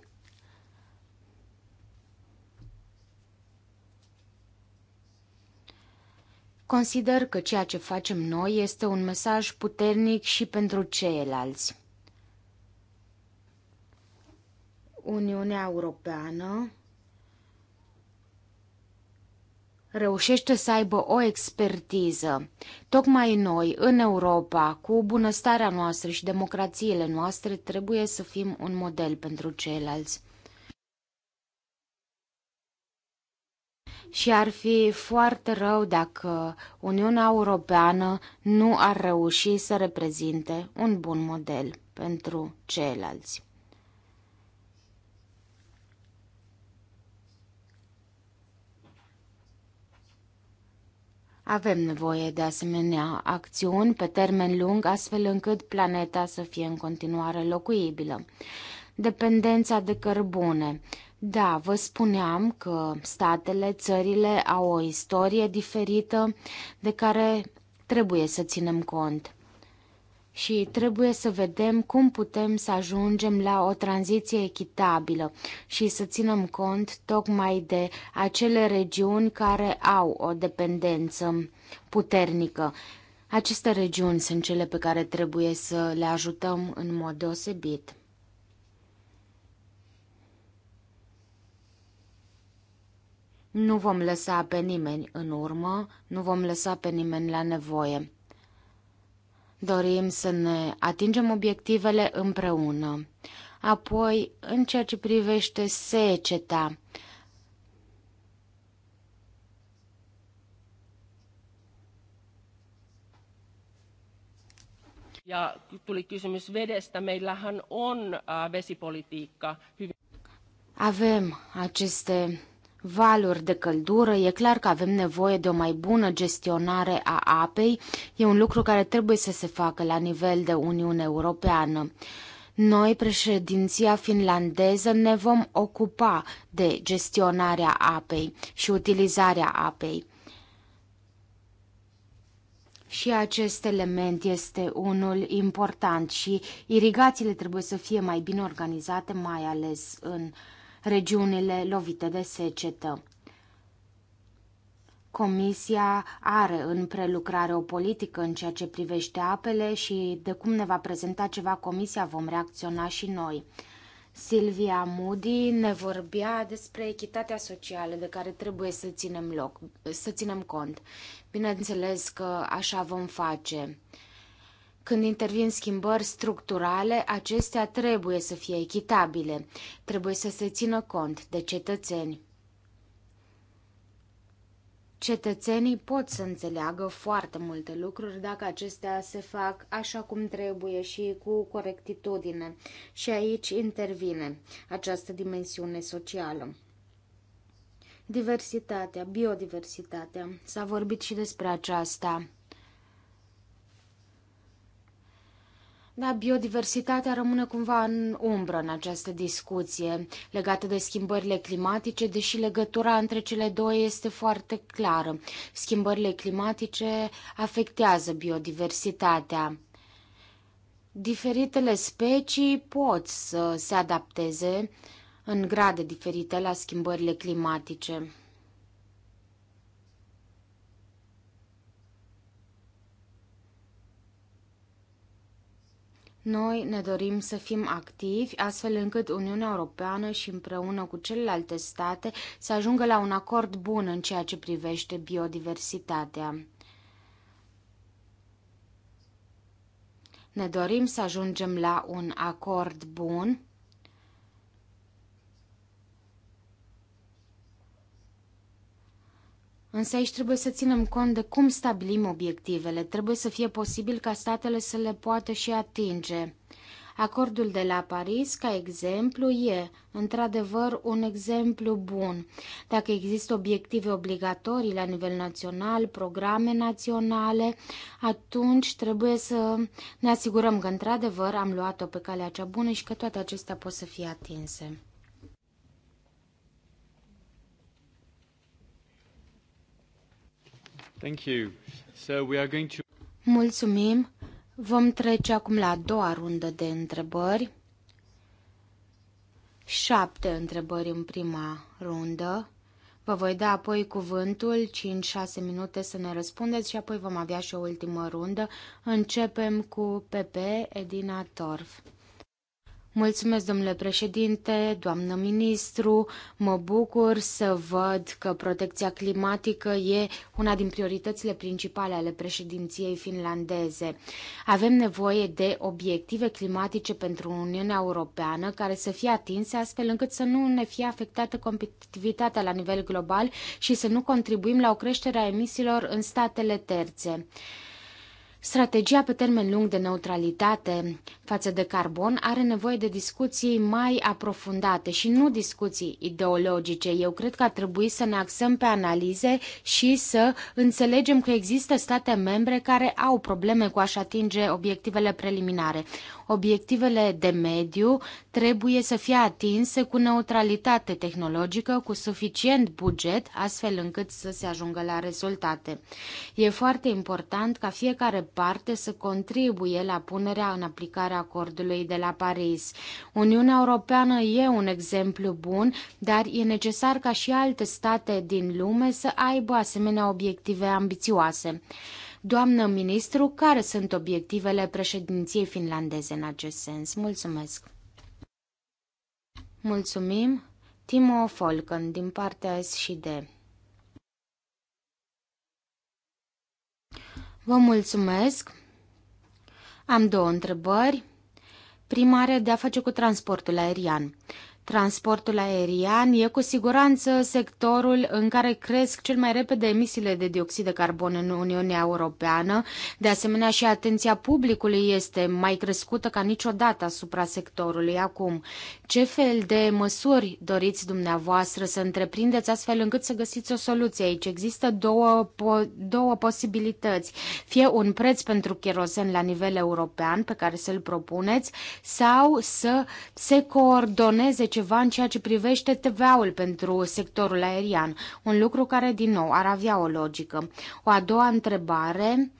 Consider că ceea ce facem noi este un mesaj puternic și pentru ceilalți. Uniunea Europeană reușește să aibă o expertiză. Tocmai noi, în Europa, cu bunăstarea noastră și democrațiile noastre, trebuie să fim un model pentru ceilalți. și ar fi foarte rău dacă Uniunea Europeană nu ar reuși să reprezinte un bun model pentru ceilalți. Avem nevoie de asemenea acțiuni pe termen lung, astfel încât planeta să fie în continuare locuibilă. Dependența de cărbune. Da, vă spuneam că statele, țările au o istorie diferită de care trebuie să ținem cont și trebuie să vedem cum putem să ajungem la o tranziție echitabilă și să ținem cont tocmai de acele regiuni care au o dependență puternică. Aceste regiuni sunt cele pe care trebuie să le ajutăm în mod deosebit. Nu vom lăsa pe nimeni în urmă, nu vom lăsa pe nimeni la nevoie. Dorim să ne atingem obiectivele împreună. Apoi, în ceea ce privește seceta, Ja tuli kysymys vedestä. Meillähän on äh, vesipolitiikka hyvin... Avem aceste valuri de căldură, e clar că avem nevoie de o mai bună gestionare a apei. E un lucru care trebuie să se facă la nivel de Uniune Europeană. Noi, președinția finlandeză, ne vom ocupa de gestionarea apei și utilizarea apei. Și acest element este unul important și irigațiile trebuie să fie mai bine organizate, mai ales în uh, regiunile lovite de secetă. Comisia are în prelucrare o politică în ceea ce privește apele și de cum ne va prezenta ceva comisia vom reacționa și noi. Silvia Moody ne vorbea despre echitatea socială de care trebuie să ținem, loc, să ținem cont. Bineînțeles că așa vom face. Când intervin schimbări structurale, acestea trebuie să fie echitabile, trebuie să se țină cont de cetățeni. Cetățenii pot să înțeleagă foarte multe lucruri dacă acestea se fac așa cum trebuie și cu corectitudine. Și aici intervine această dimensiune socială. Diversitatea, biodiversitatea, s-a vorbit și despre aceasta. Da, biodiversitatea rămâne cumva în umbră în această discuție legată de schimbările climatice, deși legătura între cele două este foarte clară. Schimbările climatice afectează biodiversitatea. Diferitele specii pot să se adapteze în grade diferite la schimbările climatice. Noi ne dorim să fim activi, astfel încât Uniunea Europeană și împreună cu celelalte state să ajungă la un acord bun în ceea ce privește biodiversitatea. Ne dorim să ajungem la un acord bun Însă aici trebuie să ținem cont de cum stabilim obiectivele. Trebuie să fie posibil ca statele să le poată și atinge. Acordul de la Paris, ca exemplu, e, într-adevăr, un exemplu bun. Dacă există obiective obligatorii la nivel național, programe naționale, atunci trebuie să ne asigurăm că, într-adevăr, am luat-o pe calea cea bună și că toate acestea pot să fie atinse. Thank you. So we are going to... Mulțumim. Vom trece acum la a doua rundă de întrebări. Șapte întrebări în prima rundă. Vă voi da apoi cuvântul, 5-6 minute să ne răspundeți și apoi vom avea și o ultimă rundă. Începem cu PP Edina Torf. Mulțumesc, domnule președinte, doamnă ministru. Mă bucur să văd că protecția climatică e una din prioritățile principale ale președinției finlandeze. Avem nevoie de obiective climatice pentru Uniunea Europeană care să fie atinse astfel încât să nu ne fie afectată competitivitatea la nivel global și să nu contribuim la o creștere a emisiilor în statele terțe. Strategia pe termen lung de neutralitate față de carbon are nevoie de discuții mai aprofundate și nu discuții ideologice. Eu cred că ar trebui să ne axăm pe analize și să înțelegem că există state membre care au probleme cu a-și atinge obiectivele preliminare. Obiectivele de mediu trebuie să fie atinse cu neutralitate tehnologică, cu suficient buget, astfel încât să se ajungă la rezultate. E foarte important ca fiecare parte să contribuie la punerea în aplicare a acordului de la Paris. Uniunea Europeană e un exemplu bun, dar e necesar ca și alte state din lume să aibă asemenea obiective ambițioase. Doamnă ministru, care sunt obiectivele președinției finlandeze în acest sens? Mulțumesc! Mulțumim! Timo Folken, din partea S și D. Vă mulțumesc! Am două întrebări. Prima are de a face cu transportul aerian. Transportul aerian e cu siguranță sectorul în care cresc cel mai repede emisiile de dioxid de carbon în Uniunea Europeană. De asemenea, și atenția publicului este mai crescută ca niciodată asupra sectorului acum. Ce fel de măsuri doriți dumneavoastră să întreprindeți astfel încât să găsiți o soluție aici? Există două, po- două posibilități. Fie un preț pentru cherosen la nivel european pe care să-l propuneți sau să se coordoneze ceva în ceea ce privește TVA-ul pentru sectorul aerian, un lucru care, din nou, ar avea o logică. O a doua întrebare,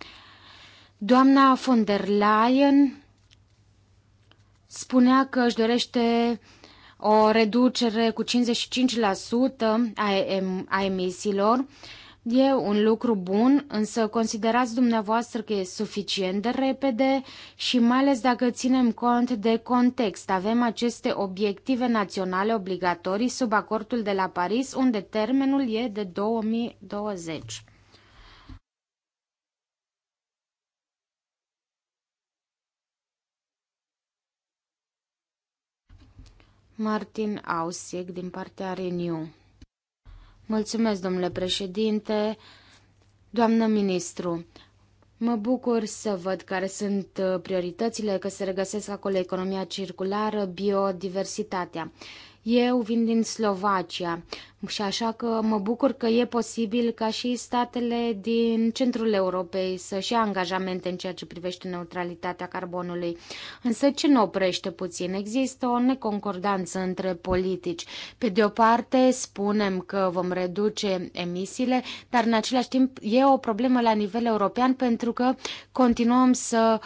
doamna von der Leyen spunea că își dorește o reducere cu 55% a emisiilor, E un lucru bun, însă considerați dumneavoastră că e suficient de repede și mai ales dacă ținem cont de context. Avem aceste obiective naționale obligatorii sub acordul de la Paris, unde termenul e de 2020. Martin Ausic din partea Renew. Mulțumesc, domnule președinte. Doamnă ministru, Mă bucur să văd care sunt uh, prioritățile, că se regăsesc acolo economia circulară, biodiversitatea. Eu vin din Slovacia și așa că mă bucur că e posibil ca și statele din centrul Europei să-și ia angajamente în ceea ce privește neutralitatea carbonului. Însă ce ne oprește puțin? Există o neconcordanță între politici. Pe de o parte spunem că vom reduce emisiile, dar în același timp e o problemă la nivel european pentru că continuăm să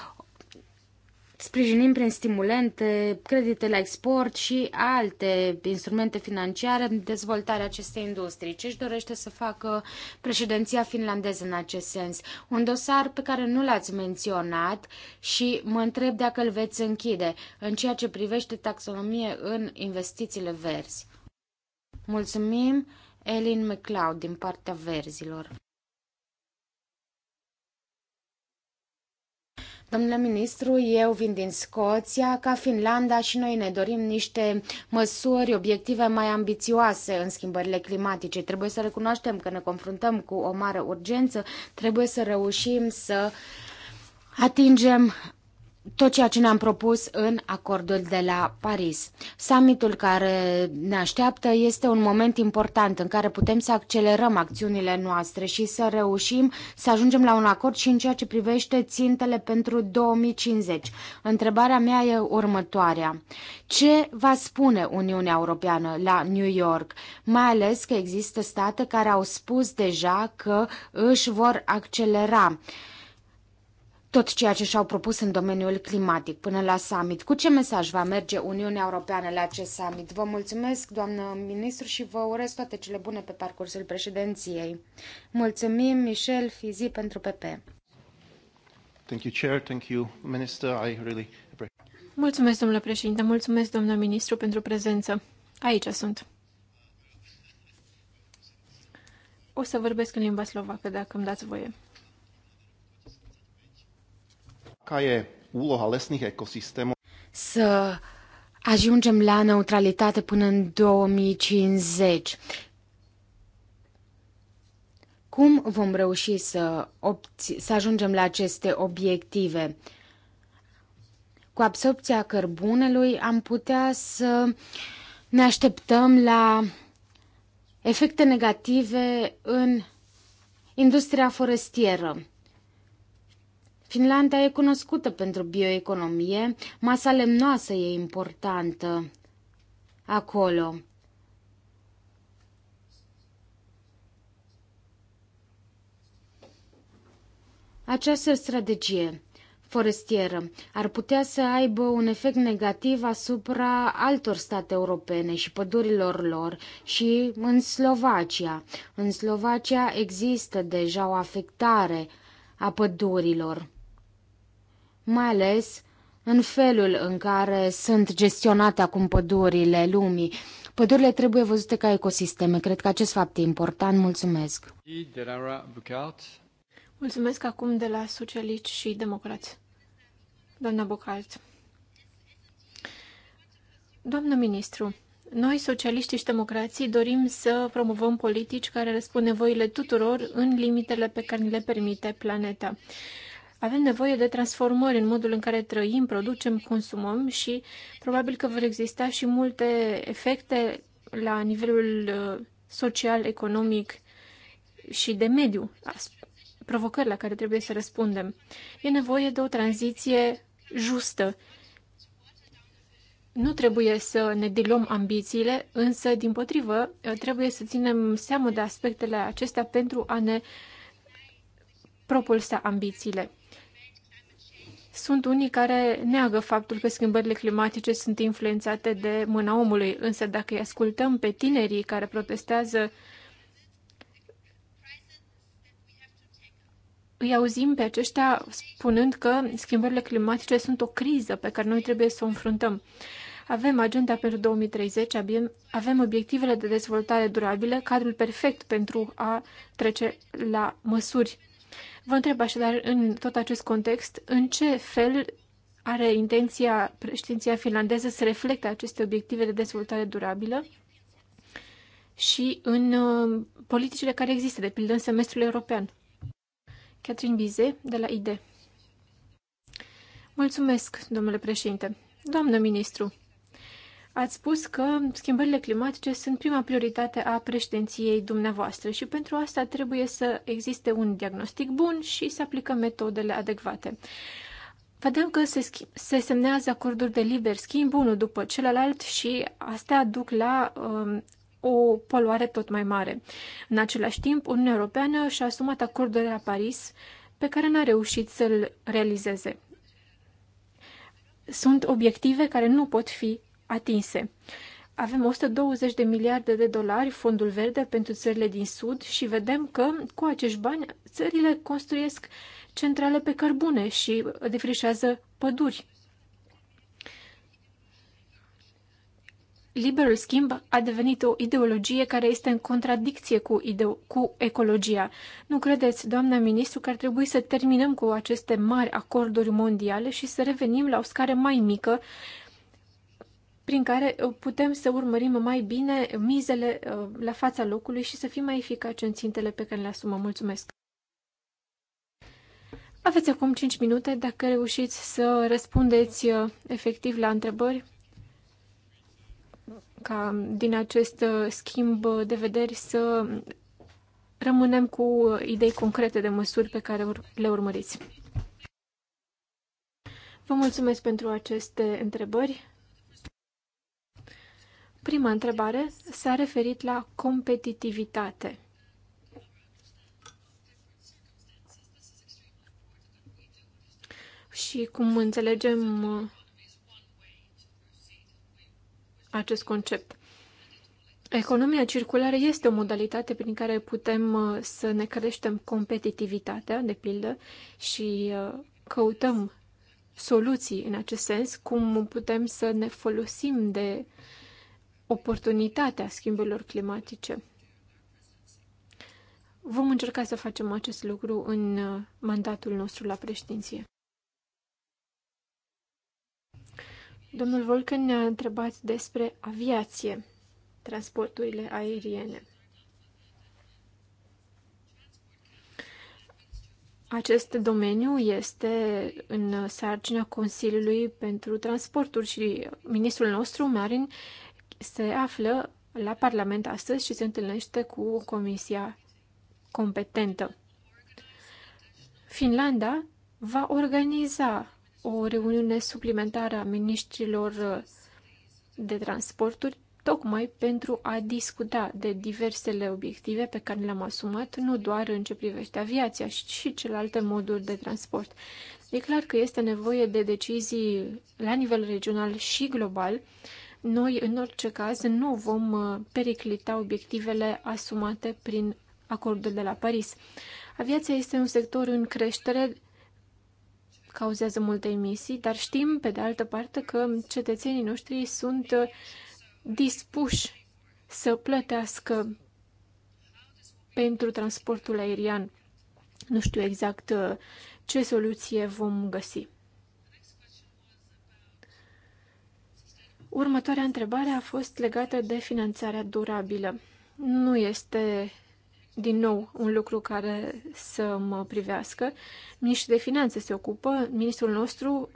Sprijinim prin stimulente, credite la export și alte instrumente financiare dezvoltarea acestei industrii. Ce își dorește să facă președinția finlandeză în acest sens? Un dosar pe care nu l-ați menționat și mă întreb dacă îl veți închide în ceea ce privește taxonomie în investițiile verzi. Mulțumim, Elin McLeod, din partea verzilor. Domnule ministru, eu vin din Scoția, ca Finlanda și noi ne dorim niște măsuri, obiective mai ambițioase în schimbările climatice. Trebuie să recunoaștem că ne confruntăm cu o mare urgență, trebuie să reușim să atingem tot ceea ce ne-am propus în acordul de la Paris. Summitul care ne așteaptă este un moment important în care putem să accelerăm acțiunile noastre și să reușim să ajungem la un acord și în ceea ce privește țintele pentru 2050. Întrebarea mea e următoarea. Ce va spune Uniunea Europeană la New York? Mai ales că există state care au spus deja că își vor accelera uh, tot ceea ce și-au propus în domeniul climatic până la summit. Cu ce mesaj va merge Uniunea Europeană la acest summit? Vă mulțumesc, doamnă ministru, și vă urez toate cele bune pe parcursul președinției. Mulțumim, Michel Fizi, pentru PP. Thank you, Chair. Thank you, Minister. I really Mulțumesc, domnule președinte. Mulțumesc, domnule ministru, pentru prezență. Aici sunt. O să vorbesc în limba slovacă, dacă îmi dați voie aká je úloha lesných ekosystémov. Să ajungem la neutralitate până în 2050. Cum vom reuși să, să ajungem la aceste obiective? Cu absorpția cărbunelui am putea să ne așteptăm la efecte negative în industria forestieră. Finlanda e cunoscută pentru bioeconomie, masa lemnoasă e importantă acolo. Această strategie forestieră ar putea să aibă un efect negativ asupra altor state europene și pădurilor lor și în Slovacia. În Slovacia există deja o afectare a pădurilor mai ales în felul în care sunt gestionate acum pădurile lumii. Pădurile trebuie văzute ca ecosisteme. Cred că acest fapt e important. Mulțumesc. Mulțumesc acum de la Socialiști și Democrați. Doamna Bocalt. Doamna ministru, noi, socialiștii și democrații, dorim să promovăm politici care răspund nevoile tuturor în limitele pe care ni le permite planeta. Avem nevoie de transformări în modul în care trăim, producem, consumăm și probabil că vor exista și multe efecte la nivelul uh, social, economic și de mediu, provocări la care trebuie să răspundem. E nevoie de o tranziție justă. Nu trebuie să ne diluăm ambițiile, însă, din potrivă, uh, trebuie să ținem seama de aspectele acestea pentru a ne propulsa ambițiile. Sunt unii care neagă faptul că schimbările climatice sunt influențate de mâna omului, însă dacă îi ascultăm pe tinerii care protestează, îi auzim pe aceștia spunând că schimbările climatice sunt o criză pe care noi trebuie să o înfruntăm. Avem agenda pentru 2030, avem obiectivele de dezvoltare durabilă, cadrul perfect pentru a trece la măsuri Vă întreb așadar, în tot acest context, în ce fel are intenția președinția finlandeză să reflecte aceste obiective de dezvoltare durabilă și în uh, politicile care există, de pildă în semestrul european? Catherine Bize, de la ID. Mulțumesc, domnule președinte. Doamnă ministru, Ați spus că schimbările climatice sunt prima prioritate a președinției dumneavoastră și pentru asta trebuie să existe un diagnostic bun și să aplicăm metodele adecvate. Vedem că se, se semnează acorduri de liber schimb unul după celălalt și astea duc la um, o poluare tot mai mare. În același timp, Uniunea Europeană și-a asumat acordul de la Paris pe care n-a reușit să-l realizeze. Sunt obiective care nu pot fi atinse. Avem 120 de miliarde de dolari fondul verde pentru țările din sud și vedem că cu acești bani țările construiesc centrale pe cărbune și defrișează păduri. Liberul schimb a devenit o ideologie care este în contradicție cu, cu ecologia. Nu credeți, doamna ministru, că ar trebui să terminăm cu aceste mari acorduri mondiale și să revenim la o scară mai mică prin care uh, putem să urmărim mai bine mizele uh, la fața locului și să fim mai eficaci în țintele pe care le asumăm. Mulțumesc! Aveți acum 5 minute dacă reușiți să răspundeți uh, efectiv la întrebări ca din acest schimb de vederi să rămânem cu idei concrete de măsuri pe care le urmăriți. Vă mulțumesc pentru aceste întrebări. Prima întrebare s-a referit la competitivitate. Și cum înțelegem uh, acest concept? Economia circulară este o modalitate prin care putem uh, să ne creștem competitivitatea, de pildă, și uh, căutăm soluții în acest sens, cum putem să ne folosim de uh, oportunitatea schimbărilor climatice. Vom încerca să facem acest lucru în uh, mandatul nostru la președinție. Domnul Volcan ne-a întrebat despre aviație, transporturile aeriene. Acest domeniu este în sarcina Consiliului pentru Transporturi și ministrul nostru, Marin, se află la Parlament astăzi și se întâlnește cu comisia competentă. Finlanda va organiza o reuniune suplimentară a ministrilor de transporturi tocmai pentru a discuta de diversele obiective pe care le-am asumat, nu doar în ce privește aviația, și și celelalte moduri de transport. E clar că este nevoie de decizii la nivel regional și global noi, în orice caz, nu vom uh, periclita obiectivele asumate prin acordul de la Paris. Aviația este un sector în creștere, cauzează multe emisii, dar știm, pe de altă parte, că cetățenii noștri sunt uh, dispuși să plătească pentru transportul aerian. Nu știu exact uh, ce soluție vom găsi. Următoarea întrebare a fost legată de finanțarea durabilă. Nu este din nou un lucru care să mă privească. Ministrul de Finanțe se ocupă, ministrul nostru,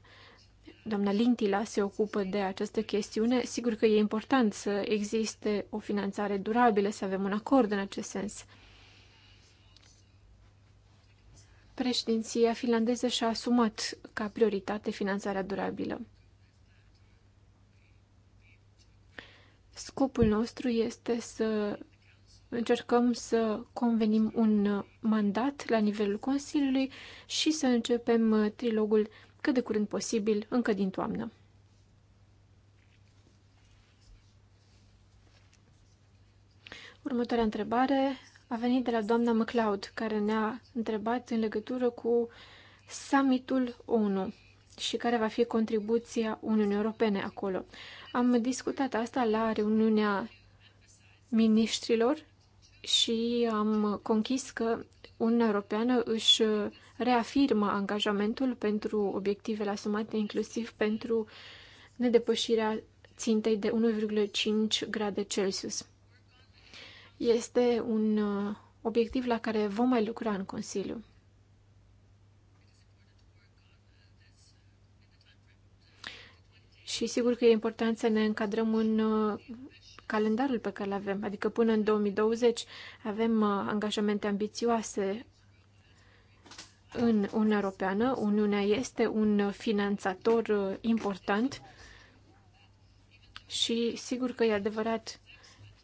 doamna Lintila, se ocupă de această chestiune. Sigur că e important să existe o finanțare durabilă, să avem un acord în acest sens. Președinția finlandeză și-a asumat ca prioritate finanțarea durabilă. Scopul nostru este să încercăm să convenim un mandat la nivelul Consiliului și să începem uh, trilogul cât de curând posibil, încă din toamnă. Următoarea întrebare a venit de la doamna McLeod, care ne-a întrebat în legătură cu summitul ONU și care va fi contribuția Uniunii Europene acolo. Am discutat asta la reuniunea ministrilor și am conchis că Uniunea Europeană își reafirmă angajamentul pentru obiectivele asumate, inclusiv pentru nedepășirea țintei de 1,5 grade Celsius. Este un obiectiv la care vom mai lucra în Consiliu. și sigur că e important să ne încadrăm în uh, calendarul pe care îl avem, adică până în 2020 avem uh, angajamente ambițioase în Uniunea Europeană. Uniunea este un finanțator uh, important și sigur că e adevărat,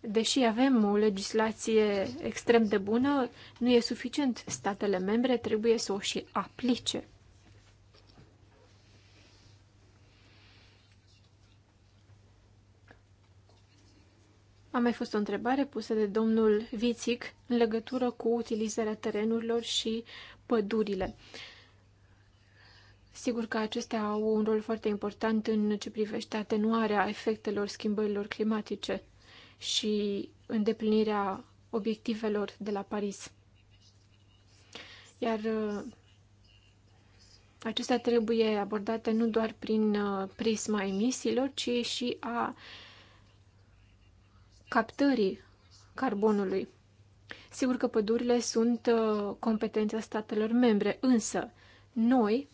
deși avem o legislație extrem de bună, nu e suficient. Statele membre trebuie să o și aplice. A mai fost o întrebare pusă de domnul Vițic în legătură cu utilizarea terenurilor și pădurile. Sigur că acestea au un rol foarte important în ce privește atenuarea efectelor schimbărilor climatice și îndeplinirea obiectivelor de la Paris. Iar uh, acestea trebuie abordate nu doar prin uh, prisma emisiilor, ci și a uh, captării carbonului. Sigur că pădurile sunt uh, competența statelor membre, însă noi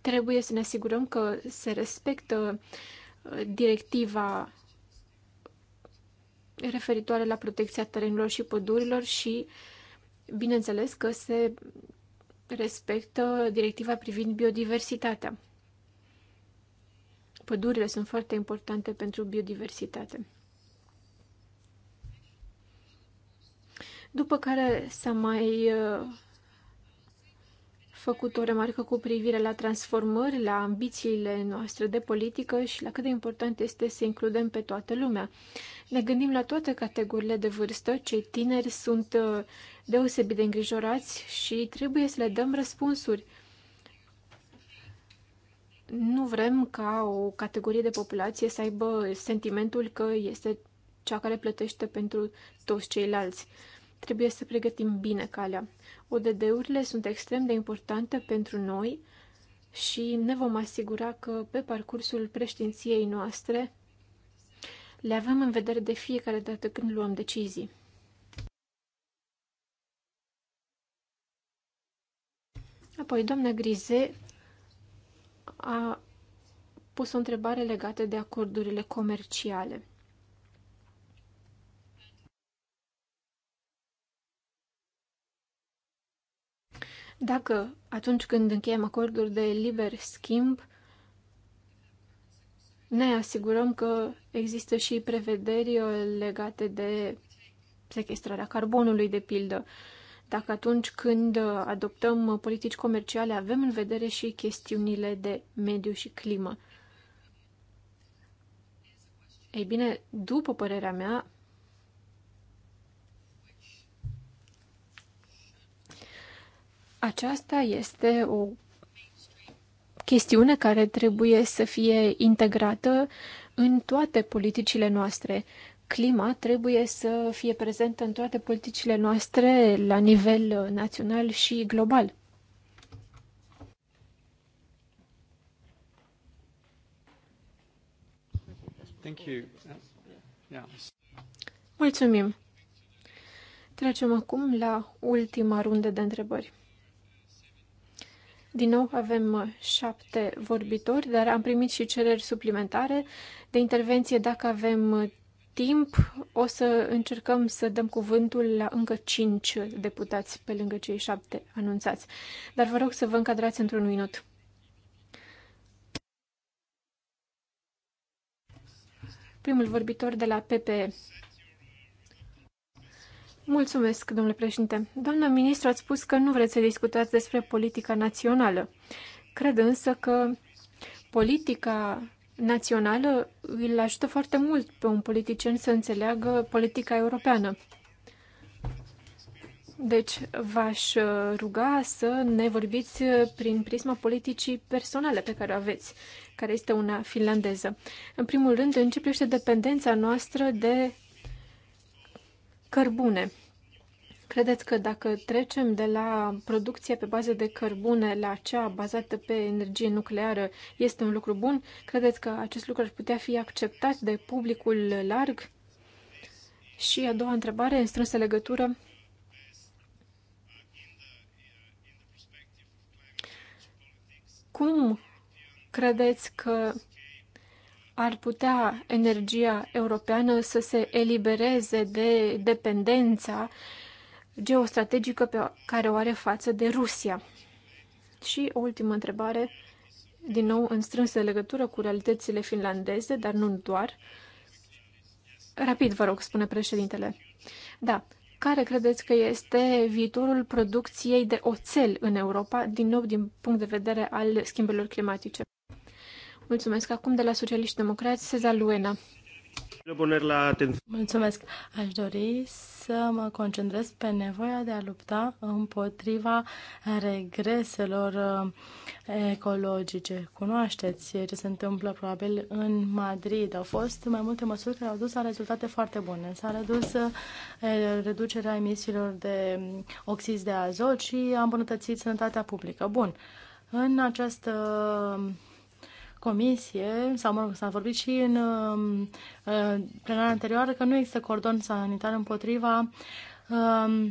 trebuie să ne asigurăm că se respectă uh, directiva referitoare la protecția terenilor și pădurilor și, bineînțeles, că se respectă directiva privind biodiversitatea. Pădurile sunt foarte importante pentru biodiversitate. După care s-a mai uh, făcut o remarcă cu privire la transformări, la ambițiile noastre de politică și la cât de important este să includem pe toată lumea. Ne gândim la toate categoriile de vârstă, cei tineri sunt uh, deosebit de îngrijorați și trebuie să le dăm răspunsuri nu vrem ca o categorie de populație să aibă sentimentul că este cea care plătește pentru toți ceilalți. Trebuie să pregătim bine calea. ODD-urile sunt extrem de importante pentru noi și ne vom asigura că pe parcursul președinției noastre le avem în vedere de fiecare dată când luăm decizii. Apoi, doamna Grize a pus o întrebare legată de acordurile comerciale. Dacă atunci când încheiem acorduri de liber schimb, ne asigurăm că există și prevederi legate de sequestrarea carbonului, de pildă. Uh, dacă atunci când uh, adoptăm uh, politici comerciale avem în vedere și chestiunile de mediu și climă. Ei bine, după părerea mea, aceasta este o chestiune care trebuie să fie integrată în toate politicile noastre, clima trebuie să fie prezentă în toate politicile noastre la nivel național și global. Thank you. Yeah. Mulțumim. Trecem acum la ultima rundă de întrebări. Din nou avem șapte vorbitori, dar am primit și cereri suplimentare de intervenție dacă avem timp, o să încercăm să dăm cuvântul la încă cinci deputați pe lângă cei șapte anunțați. Dar vă rog să vă încadrați într-un minut. Primul vorbitor de la PPE. Mulțumesc, domnule președinte. Doamna ministru, ați spus că nu vreți să discutați despre politica națională. Cred însă că politica națională îl ajută foarte mult pe un politician să înțeleagă politica europeană. Deci v-aș uh, ruga să ne vorbiți uh, prin prisma politicii personale pe care o aveți, care este una finlandeză. În primul rând, începește dependența noastră de cărbune. Credeți că dacă trecem de la producția pe bază de cărbune la cea bazată pe energie nucleară este un lucru bun? Credeți că acest lucru ar putea fi acceptat de publicul larg? Și a doua întrebare, în strânsă legătură, cum credeți că ar putea energia europeană să se elibereze de dependența uh, geostrategică pe care o are față de Rusia. Și o ultimă întrebare, din nou în strânsă legătură cu realitățile finlandeze, dar nu doar. Rapid, vă rog, spune președintele. Da, care credeți că este viitorul producției de oțel în Europa, din nou din punct de vedere al schimbărilor climatice? Mulțumesc. Acum de la Socialiști Democrați, Seza Luena. Mulțumesc. Aș dori să mă concentrez pe nevoia de a lupta împotriva regreselor uh, ecologice. Cunoașteți ce se întâmplă probabil în Madrid. Au fost mai multe măsuri care au dus la rezultate foarte bune. S-a redus uh, reducerea emisiilor de um, oxizi de azot și a îmbunătățit sănătatea publică. Bun. În această comisie, sau mă rog, s-a vorbit și în um, uh, plenarea anterioară că nu există cordon sanitar împotriva uh,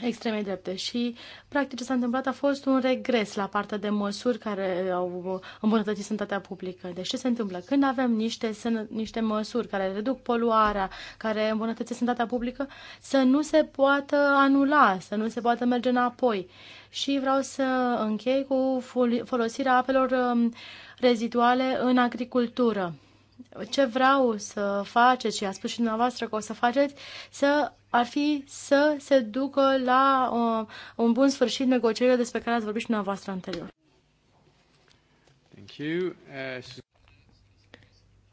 extremei drepte și practic ce s-a întâmplat a fost un regres la partea de măsuri care au îmbunătățit sănătatea publică. Deci ce se întâmplă? Când avem niște, niște măsuri care reduc poluarea, care îmbunătățesc sănătatea publică, să nu se poată anula, să nu se poată merge înapoi. Și vreau să închei cu folosirea apelor uh, reziduale în agricultură. Ce vreau să faceți și a spus și dumneavoastră că o să faceți, să ar fi să se ducă la uh, un bun sfârșit negocierile despre care ați vorbit și dumneavoastră anterior. Thank you. Uh,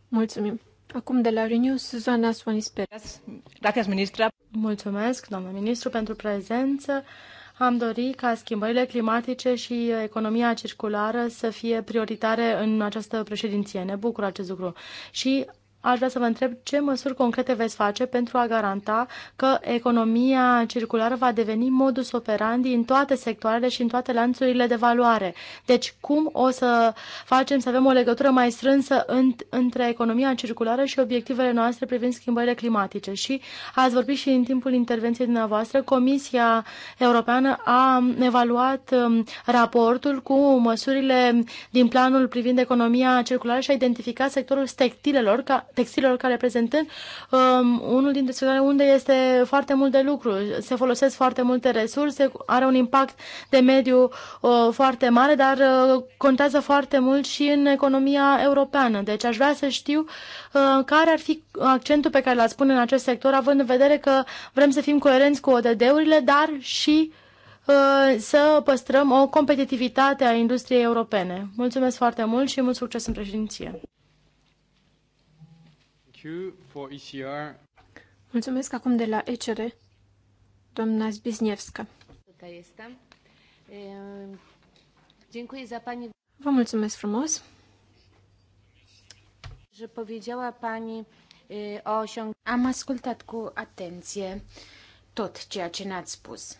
Mulțumim. Acum de la Renew, Suzana Suanis Perez. Mulțumesc, doamnă ministru, pentru prezență am dori ca schimbările climatice și economia circulară să fie prioritare în această președinție. Ne bucur acest lucru. Și aș vrea să vă întreb ce măsuri concrete veți face pentru a garanta că economia circulară va deveni modus operandi în toate sectoarele și în toate lanțurile de valoare. Deci cum o să facem să avem o legătură mai strânsă în, între economia circulară și obiectivele noastre privind schimbările climatice. Și ați vorbit și în timpul intervenției dumneavoastră, Comisia Europeană a evaluat um, raportul cu măsurile din planul privind economia circulară și a identificat sectorul textilelor ca textilelor care reprezentând um, unul dintre sectoare unde este foarte mult de lucru, se folosesc foarte multe resurse, are un impact de mediu uh, foarte mare, dar uh, contează foarte mult și în economia europeană. Deci aș vrea să știu uh, care ar fi accentul pe care l-ați pune în acest sector, având în vedere că vrem să fim coerenți cu ODD-urile, dar și uh, să păstrăm o competitivitate a industriei europene. Mulțumesc foarte mult și mult succes în președinție! for ECR. Mulțumesc acum de la ECR, doamna Zbizniewska. Vă mulțumesc frumos. Am ascultat cu atenție tot ceea ce ne-ați spus.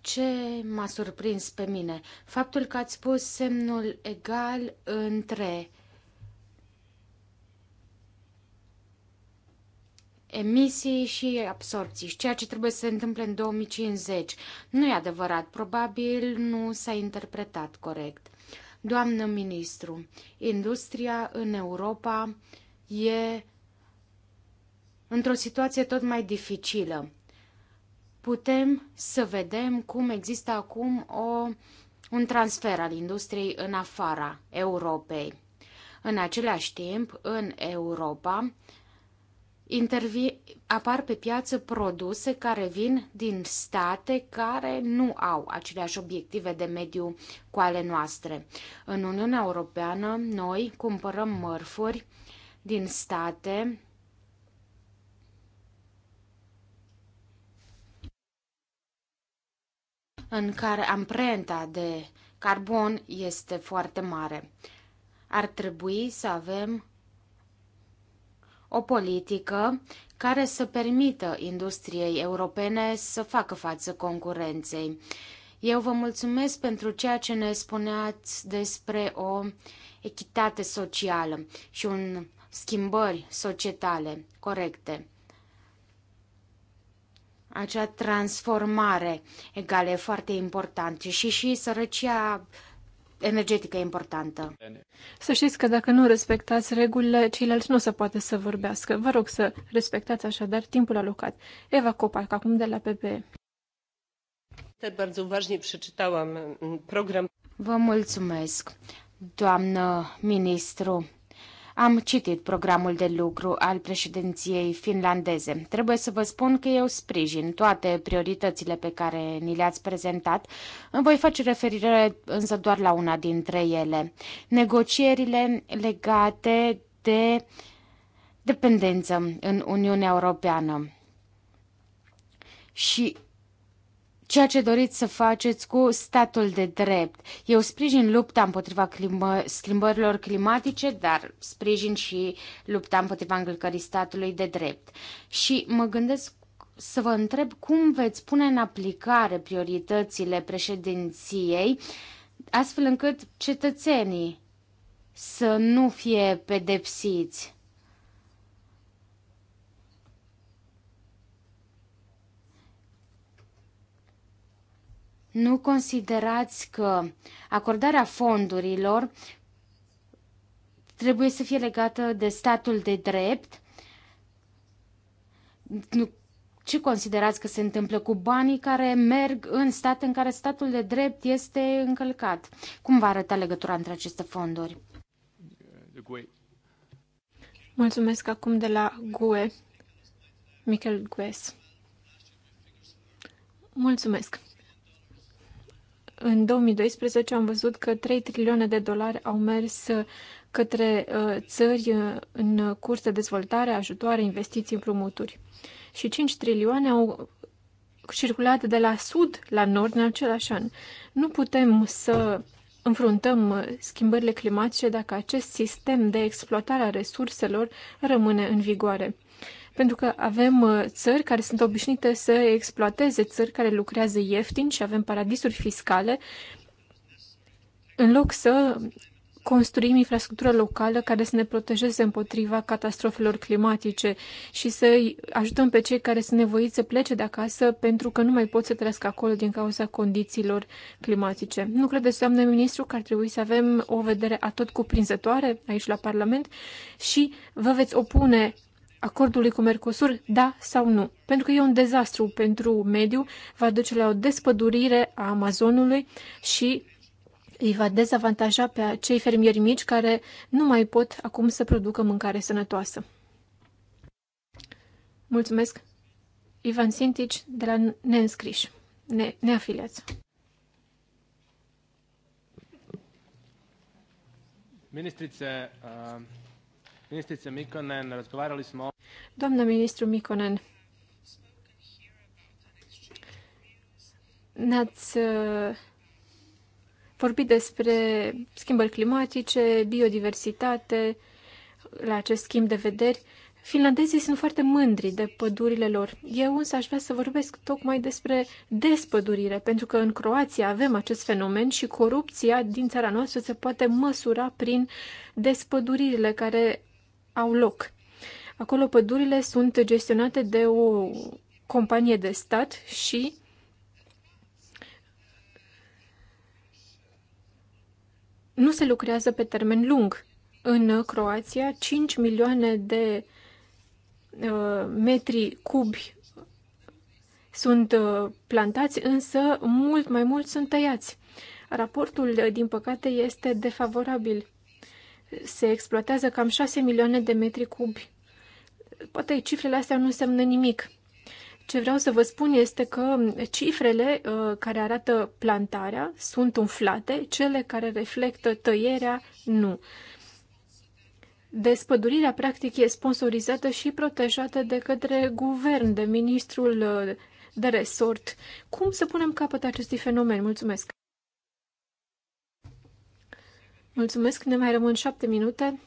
Ce m-a surprins pe mine? Faptul că ați spus semnul egal între emisii și absorpții și ceea ce trebuie să se întâmple în 2050. Nu e adevărat, probabil nu s-a interpretat corect. Doamnă ministru, industria în Europa e într-o situație tot mai dificilă. Putem să vedem cum există acum o, un transfer al industriei în afara Europei. În același timp, în Europa, intervi- apar pe piață produse care vin din state care nu au aceleași obiective de mediu cu ale noastre. În Uniunea Europeană, noi cumpărăm mărfuri din state în care amprenta de carbon este foarte mare. Ar trebui să avem o politică care să permită industriei europene să facă față concurenței. Eu vă mulțumesc pentru ceea ce ne spuneați despre o echitate socială și un schimbări societale corecte. Acea transformare egală e foarte importantă și și sărăcia energetică importantă. Să știți că dacă nu respectați regulile, ceilalți nu se poate să vorbească. Vă rog să respectați așadar timpul alocat. Eva Copac, acum de la PPE. Mm, Vă mulțumesc, doamnă ministru. Am citit programul de lucru al președinției finlandeze. Trebuie să vă spun că eu sprijin toate prioritățile pe care ni le-ați prezentat. Îmi voi face referire însă doar la una dintre ele. Negocierile legate de dependență în Uniunea Europeană. Și ceea ce doriți să faceți cu statul de drept. Eu sprijin lupta împotriva climă, schimbărilor climatice, dar sprijin și lupta împotriva încălcării statului de drept. Și mă gândesc să vă întreb cum veți pune în aplicare prioritățile președinției, astfel încât cetățenii să nu fie pedepsiți. Nu considerați că acordarea fondurilor trebuie să fie legată de statul de drept? Nu, ce considerați că se întâmplă cu banii care merg în stat în care statul de drept este încălcat? Cum va arăta legătura între aceste fonduri? Mulțumesc acum de la GUE, Michael Gues. Mulțumesc. În 2012 am văzut că 3 trilioane de dolari au mers către uh, țări uh, în curs de dezvoltare, ajutoare, investiții, împrumuturi. Și 5 trilioane au circulat de la sud la nord în același an. Nu putem să înfruntăm uh, schimbările climatice dacă acest sistem de exploatare a resurselor rămâne în vigoare pentru că avem uh, țări care sunt obișnuite să exploateze țări care lucrează ieftin și avem paradisuri fiscale, în loc să construim infrastructură locală care să ne protejeze împotriva catastrofelor climatice și să ajutăm pe cei care sunt nevoiți să plece de acasă pentru că nu mai pot să trăiască acolo din cauza condițiilor climatice. Nu credeți, doamne ministru, că ar trebui să avem o vedere atot cuprinzătoare aici la Parlament și vă veți opune acordului cu Mercosur, da sau nu? Pentru că e un dezastru pentru mediu, va duce la o despădurire a Amazonului și îi va dezavantaja pe cei fermieri mici care nu mai pot acum să producă mâncare sănătoasă. Mulțumesc! Ivan Sintici de la Neînscriși, ne, neafiliați. Ministrice, uh... Ministrice Mikonen, razgovarali smo... Doamna ministru Mikonen, ne-ați uh, vorbit despre schimbări climatice, biodiversitate, la acest schimb de vederi. Finlandezii sunt foarte mândri de pădurile lor. Eu însă aș vrea să vorbesc tocmai despre despădurire, pentru că în Croația avem acest fenomen și corupția din țara noastră se poate măsura prin despăduririle care au loc. Acolo pădurile sunt gestionate de o companie de stat și nu se lucrează pe termen lung. În Croația, 5 milioane de uh, metri cubi sunt uh, plantați, însă mult mai mult sunt tăiați. Raportul, din păcate, este defavorabil se exploatează cam 6 milioane de metri cubi. Poate cifrele astea nu înseamnă nimic. Ce vreau să vă spun este că cifrele uh, care arată plantarea sunt umflate, cele care reflectă tăierea nu. Despădurirea, practic, e sponsorizată și protejată de către guvern, de ministrul uh, de resort. Cum să punem capăt acestui fenomen? Mulțumesc! Mulțumesc, ne mai rămân șapte minute.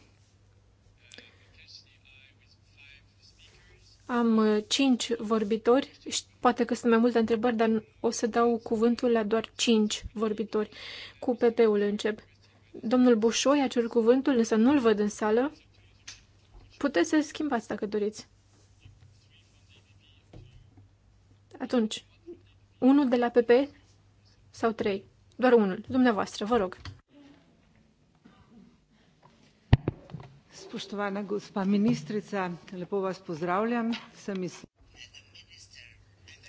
Am uh, cinci vorbitori, poate că sunt mai multe întrebări, dar o să dau cuvântul la doar cinci vorbitori. Cu PP-ul încep. Domnul Bușoi a cerut cuvântul, însă nu-l văd în sală. Puteți să-l schimbați dacă doriți. Atunci, unul de la PP sau trei? Doar unul, dumneavoastră, vă rog. Spoštovana gospa ministrica, lepo vas pozdravljam. Sem iz...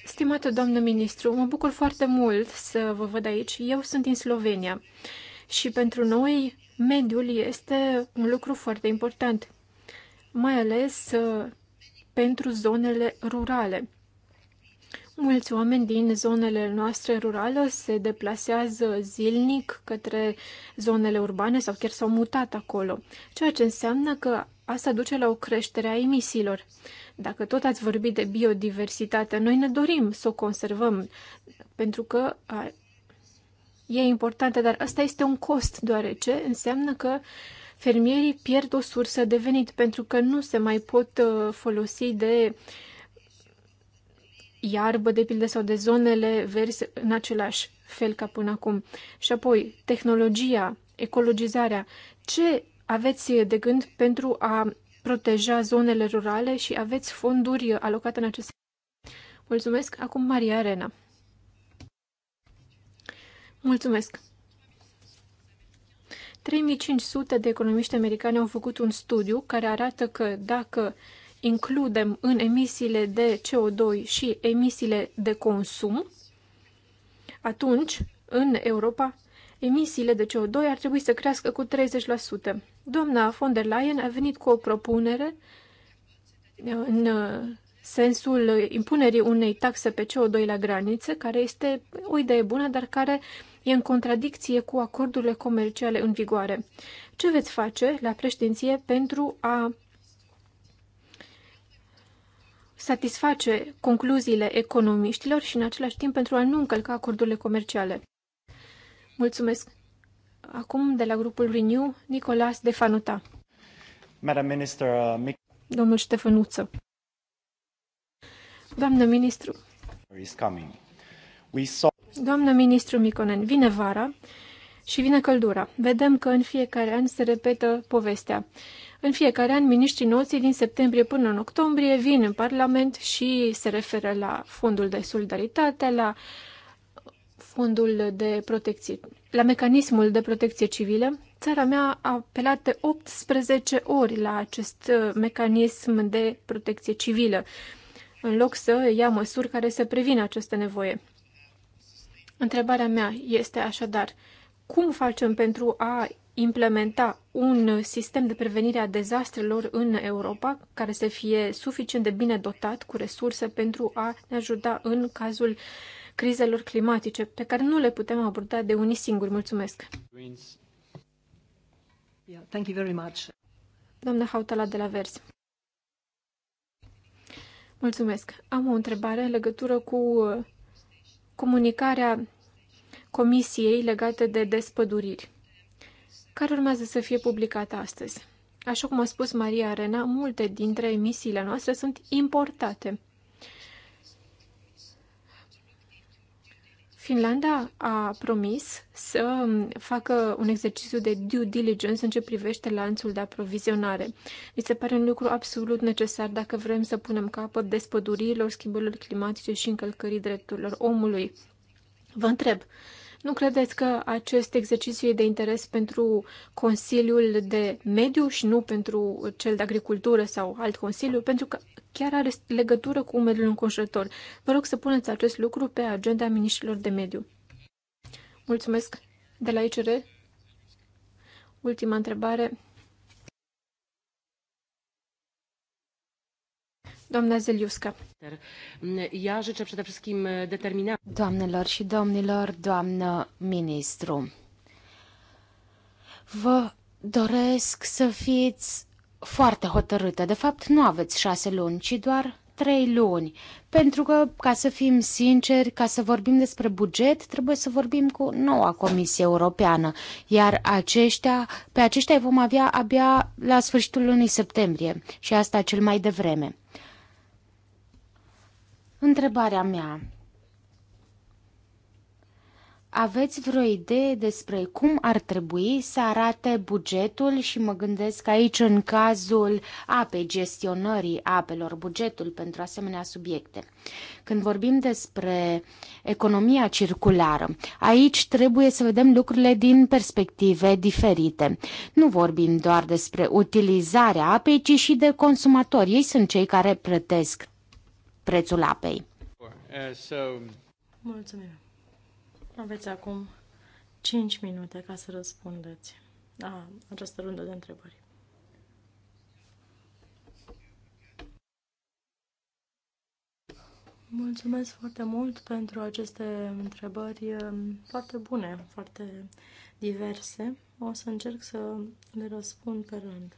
Stimată doamnă ministru, mă bucur foarte mult să vă văd aici. Eu sunt din Slovenia și pentru noi mediul este un lucru foarte important, mai ales uh, pentru zonele rurale. Mulți oameni din zonele noastre rurale se deplasează zilnic către zonele urbane sau chiar s-au mutat acolo, ceea ce înseamnă că asta duce la o creștere a emisiilor. Dacă tot ați vorbit de biodiversitate, noi ne dorim să o conservăm, pentru că e importantă, dar asta este un cost, deoarece înseamnă că fermierii pierd o sursă de venit, pentru că nu se mai pot uh, folosi de uh, iarbă, de pildă, sau de zonele verzi în același fel ca până acum. Și apoi, tehnologia, ecologizarea. Ce aveți de gând pentru a proteja zonele rurale și aveți fonduri alocate în acest Mulțumesc. Acum Maria Arena. Mulțumesc. 3500 de economiști americani au făcut un studiu care arată că dacă uh, includem în emisiile de CO2 și emisiile de consum, atunci, în Europa, emisiile de CO2 ar trebui să crească cu 30%. Doamna von der Leyen a venit cu o propunere uh, în uh, sensul impunerii unei taxe pe CO2 la graniță, care este o idee bună, dar care e în contradicție cu acordurile comerciale în vigoare. Ce veți face la președinție pentru a satisface concluziile economiștilor și în același timp pentru a nu încălca acordurile comerciale. Mulțumesc! Acum, de la grupul Renew, Nicolas de Fanuta. Madam Minister, uh, Mic- Domnul Ștefănuță. Doamnă ministru. Is coming. We saw... Doamnă ministru Miconen, vine vara și vine căldura. Vedem că în fiecare an se repetă povestea. Uh, în fiecare an, miniștrii noții din septembrie până în octombrie vin în Parlament și se referă la Fondul de Solidaritate, la Fondul de Protecție, la Mecanismul de Protecție Civilă. Țara mea a apelat de 18 ori la acest uh, mecanism de protecție civilă, în loc să ia măsuri care să prevină această nevoie. Întrebarea mea este așadar, cum facem pentru a implementa un sistem de prevenire a dezastrelor în Europa care să fie suficient de bine dotat cu resurse pentru a ne ajuta în cazul crizelor climatice pe care nu le putem aborda de unii singuri. Mulțumesc! Doamna Hautala de la Verzi. Mulțumesc. Am o întrebare în legătură cu uh, comunicarea Comisiei legată de despăduriri care urmează să fie publicată astăzi. Așa cum a spus Maria Arena, multe dintre emisiile noastre sunt importate. Finlanda a promis să facă un exercițiu de due diligence în ce privește lanțul de aprovizionare. Mi se pare un lucru absolut necesar dacă vrem să punem capăt despădurilor, schimbărilor climatice și încălcării drepturilor omului. Vă întreb, nu credeți că acest exercițiu e de interes pentru Consiliul de Mediu și nu pentru cel de Agricultură sau alt Consiliu? Pentru că chiar are legătură cu mediul înconjurător. Vă rog să puneți acest lucru pe agenda ministrilor de mediu. Mulțumesc. De la ICR, ultima întrebare, Doamna Zeliuscă. Doamnelor și domnilor, doamnă ministru, vă doresc să fiți foarte hotărâtă. De fapt, nu aveți șase luni, ci doar trei luni. Pentru că, ca să fim sinceri, ca să vorbim despre buget, trebuie să vorbim cu noua Comisie Europeană, iar aceștia, pe aceștia îi vom avea abia la sfârșitul lunii septembrie și asta cel mai devreme. Întrebarea mea. Aveți vreo idee despre cum ar trebui să arate bugetul și mă gândesc aici în cazul apei, gestionării apelor, bugetul pentru asemenea subiecte. Când vorbim despre economia circulară, aici trebuie să vedem lucrurile din perspective diferite. Nu vorbim doar despre utilizarea apei, ci și de consumatori. Ei sunt cei care plătesc prețul apei. Mulțumim. Aveți acum 5 minute ca să răspundeți la această rundă de întrebări. Mulțumesc foarte mult pentru aceste întrebări um, foarte bune, foarte diverse. O să încerc să le răspund pe rând.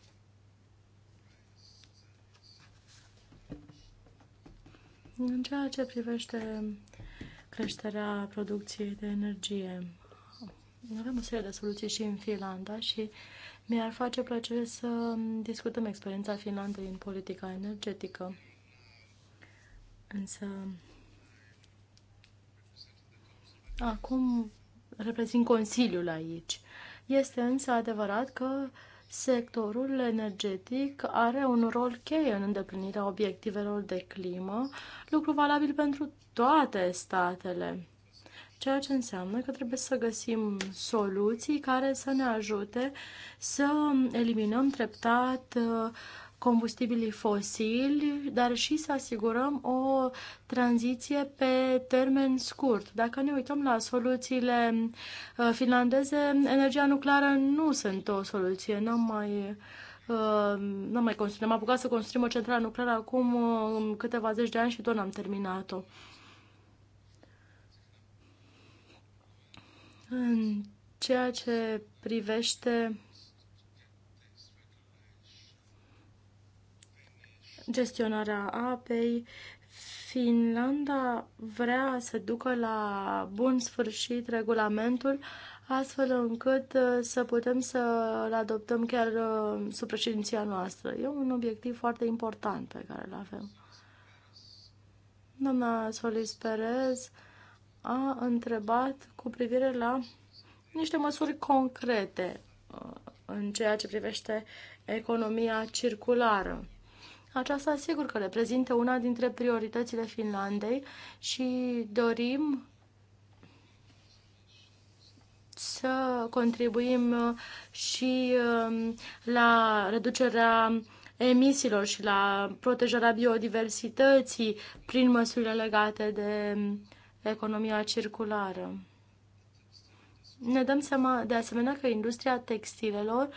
În ceea ce privește creșterea producției de energie, avem o serie de soluții și în Finlanda și mi-ar face plăcere să discutăm experiența Finlandei în politica energetică. Însă, acum reprezint Consiliul aici. Este însă adevărat că sectorul energetic are un rol cheie în îndeplinirea obiectivelor de climă, lucru valabil pentru toate statele. Ceea ce înseamnă că trebuie să găsim soluții care să ne ajute să eliminăm treptat uh, combustibilii fosili, dar și să asigurăm o tranziție pe termen scurt. Dacă ne uităm la soluțiile uh, finlandeze, energia nucleară nu sunt o soluție. N-am mai uh, nu mai construim. Am apucat să construim o centrală nucleară acum uh, câteva zeci de ani și tot n-am terminat-o. În ceea ce privește gestionarea apei. Finlanda vrea să ducă la bun sfârșit regulamentul astfel încât uh, să putem să-l adoptăm chiar uh, sub președinția noastră. E un obiectiv foarte important pe care îl avem. Doamna Solis Perez a întrebat cu privire la niște măsuri concrete uh, în ceea ce privește economia circulară. Aceasta sigur că reprezintă una dintre prioritățile Finlandei și dorim să contribuim uh, și um, la reducerea emisiilor și la protejarea biodiversității prin măsurile legate de um, economia circulară. Ne dăm seama de asemenea că industria textilelor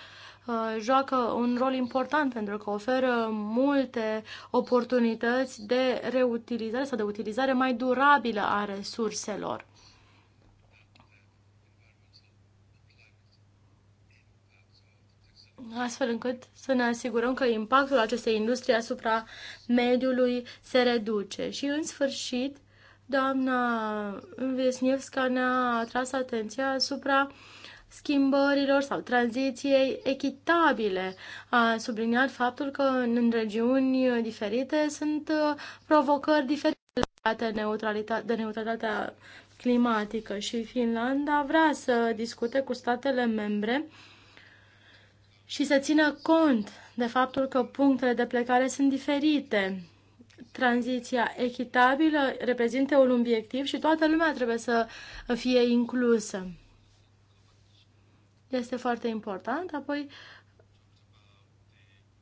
uh, joacă un rol important pentru că oferă multe oportunități de reutilizare sau de utilizare mai durabilă a resurselor. astfel încât să ne asigurăm că impactul acestei industrie asupra mediului se reduce. Și în sfârșit, Doamna Vesnievska ne-a atras atenția asupra schimbărilor sau tranziției echitabile. A subliniat faptul că în regiuni diferite sunt uh, provocări diferite neutralitate, de neutralitatea climatică și Finlanda vrea să discute cu statele membre și să țină cont de faptul că punctele de plecare sunt diferite tranziția echitabilă reprezintă un obiectiv și toată lumea trebuie să fie inclusă. Este foarte important. Apoi,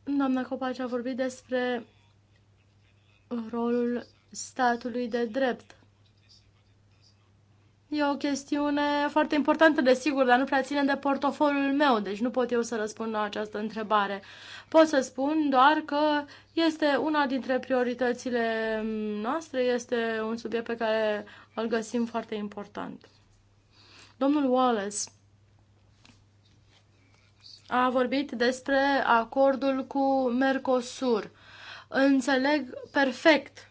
doamna Copaci a vorbit despre rolul statului de drept. E o chestiune foarte importantă, desigur, dar nu prea ține de portofoliul meu, deci nu pot eu să răspund la această întrebare. Pot să spun doar că este una dintre prioritățile noastre, este un subiect pe care îl găsim foarte important. Domnul Wallace a vorbit despre acordul cu Mercosur. Înțeleg perfect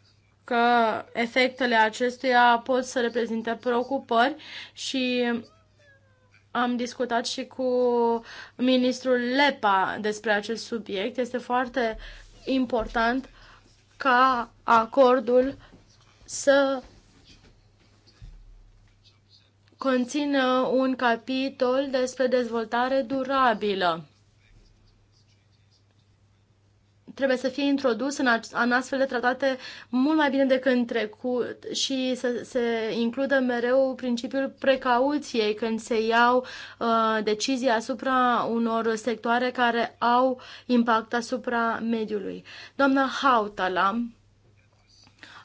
că efectele acestuia pot să reprezinte preocupări și am discutat și cu ministrul Lepa despre acest subiect. Este foarte important ca acordul să conțină un capitol despre dezvoltare durabilă trebuie să fie introdus în, în astfel de tratate mult mai bine decât în trecut și să se includă mereu principiul precauției când se iau uh, decizii asupra unor sectoare care au impact asupra mediului. Doamna Hautala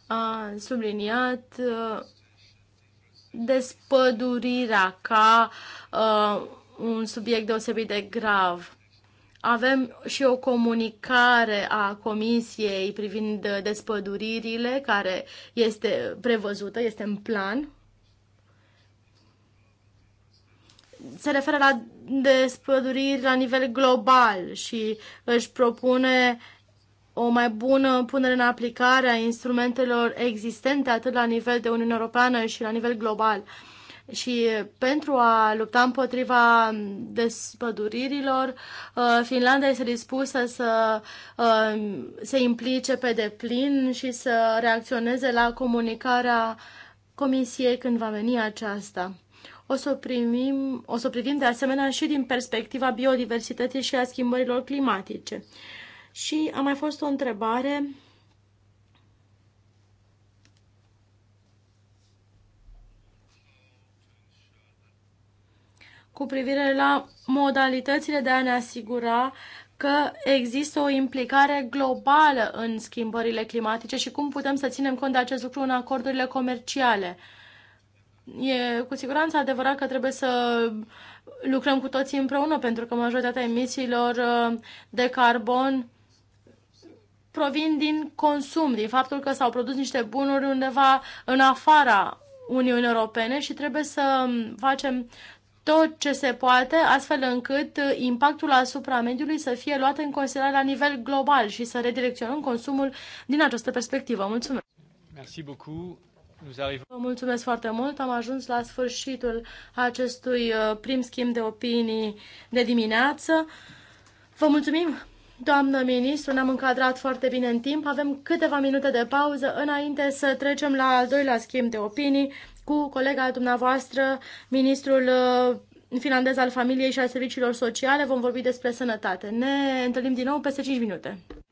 a subliniat uh, despădurirea ca uh, un subiect deosebit de grav avem și o comunicare a Comisiei privind despăduririle care este prevăzută, este în plan. Se referă la despăduriri la nivel global și își propune o mai bună punere în aplicare a instrumentelor existente atât la nivel de Uniune Europeană și la nivel global. Uh, și pentru a lupta împotriva despăduririlor, uh, Finlanda este dispusă să uh, se implice pe deplin și să reacționeze la comunicarea Comisiei când va veni aceasta. O să, primim, o să privim de asemenea și din perspectiva biodiversității și a schimbărilor climatice. Și a mai fost o întrebare cu privire la modalitățile de a ne asigura că există o implicare globală în schimbările climatice și cum putem să ținem cont de acest lucru în acordurile comerciale. E cu siguranță adevărat că trebuie să lucrăm cu toții împreună, pentru că majoritatea emisiilor uh, de carbon provin din consum, din faptul că s-au produs niște bunuri undeva în afara Uniunii Europene și trebuie să um, facem tot ce se poate, astfel încât uh, impactul asupra mediului să fie luat în considerare la nivel global și să redirecționăm consumul din această perspectivă. Mulțumesc! Merci beaucoup. Vă mulțumesc foarte mult. Am ajuns la sfârșitul acestui uh, prim schimb de opinii de dimineață. Vă mulțumim, doamnă ministru, ne-am încadrat foarte bine în timp. Avem câteva minute de pauză înainte să trecem la al doilea schimb de opinii cu colega dumneavoastră, ministrul uh, finlandez al familiei și al serviciilor sociale. Vom vorbi despre sănătate. Ne întâlnim din nou peste 5 minute.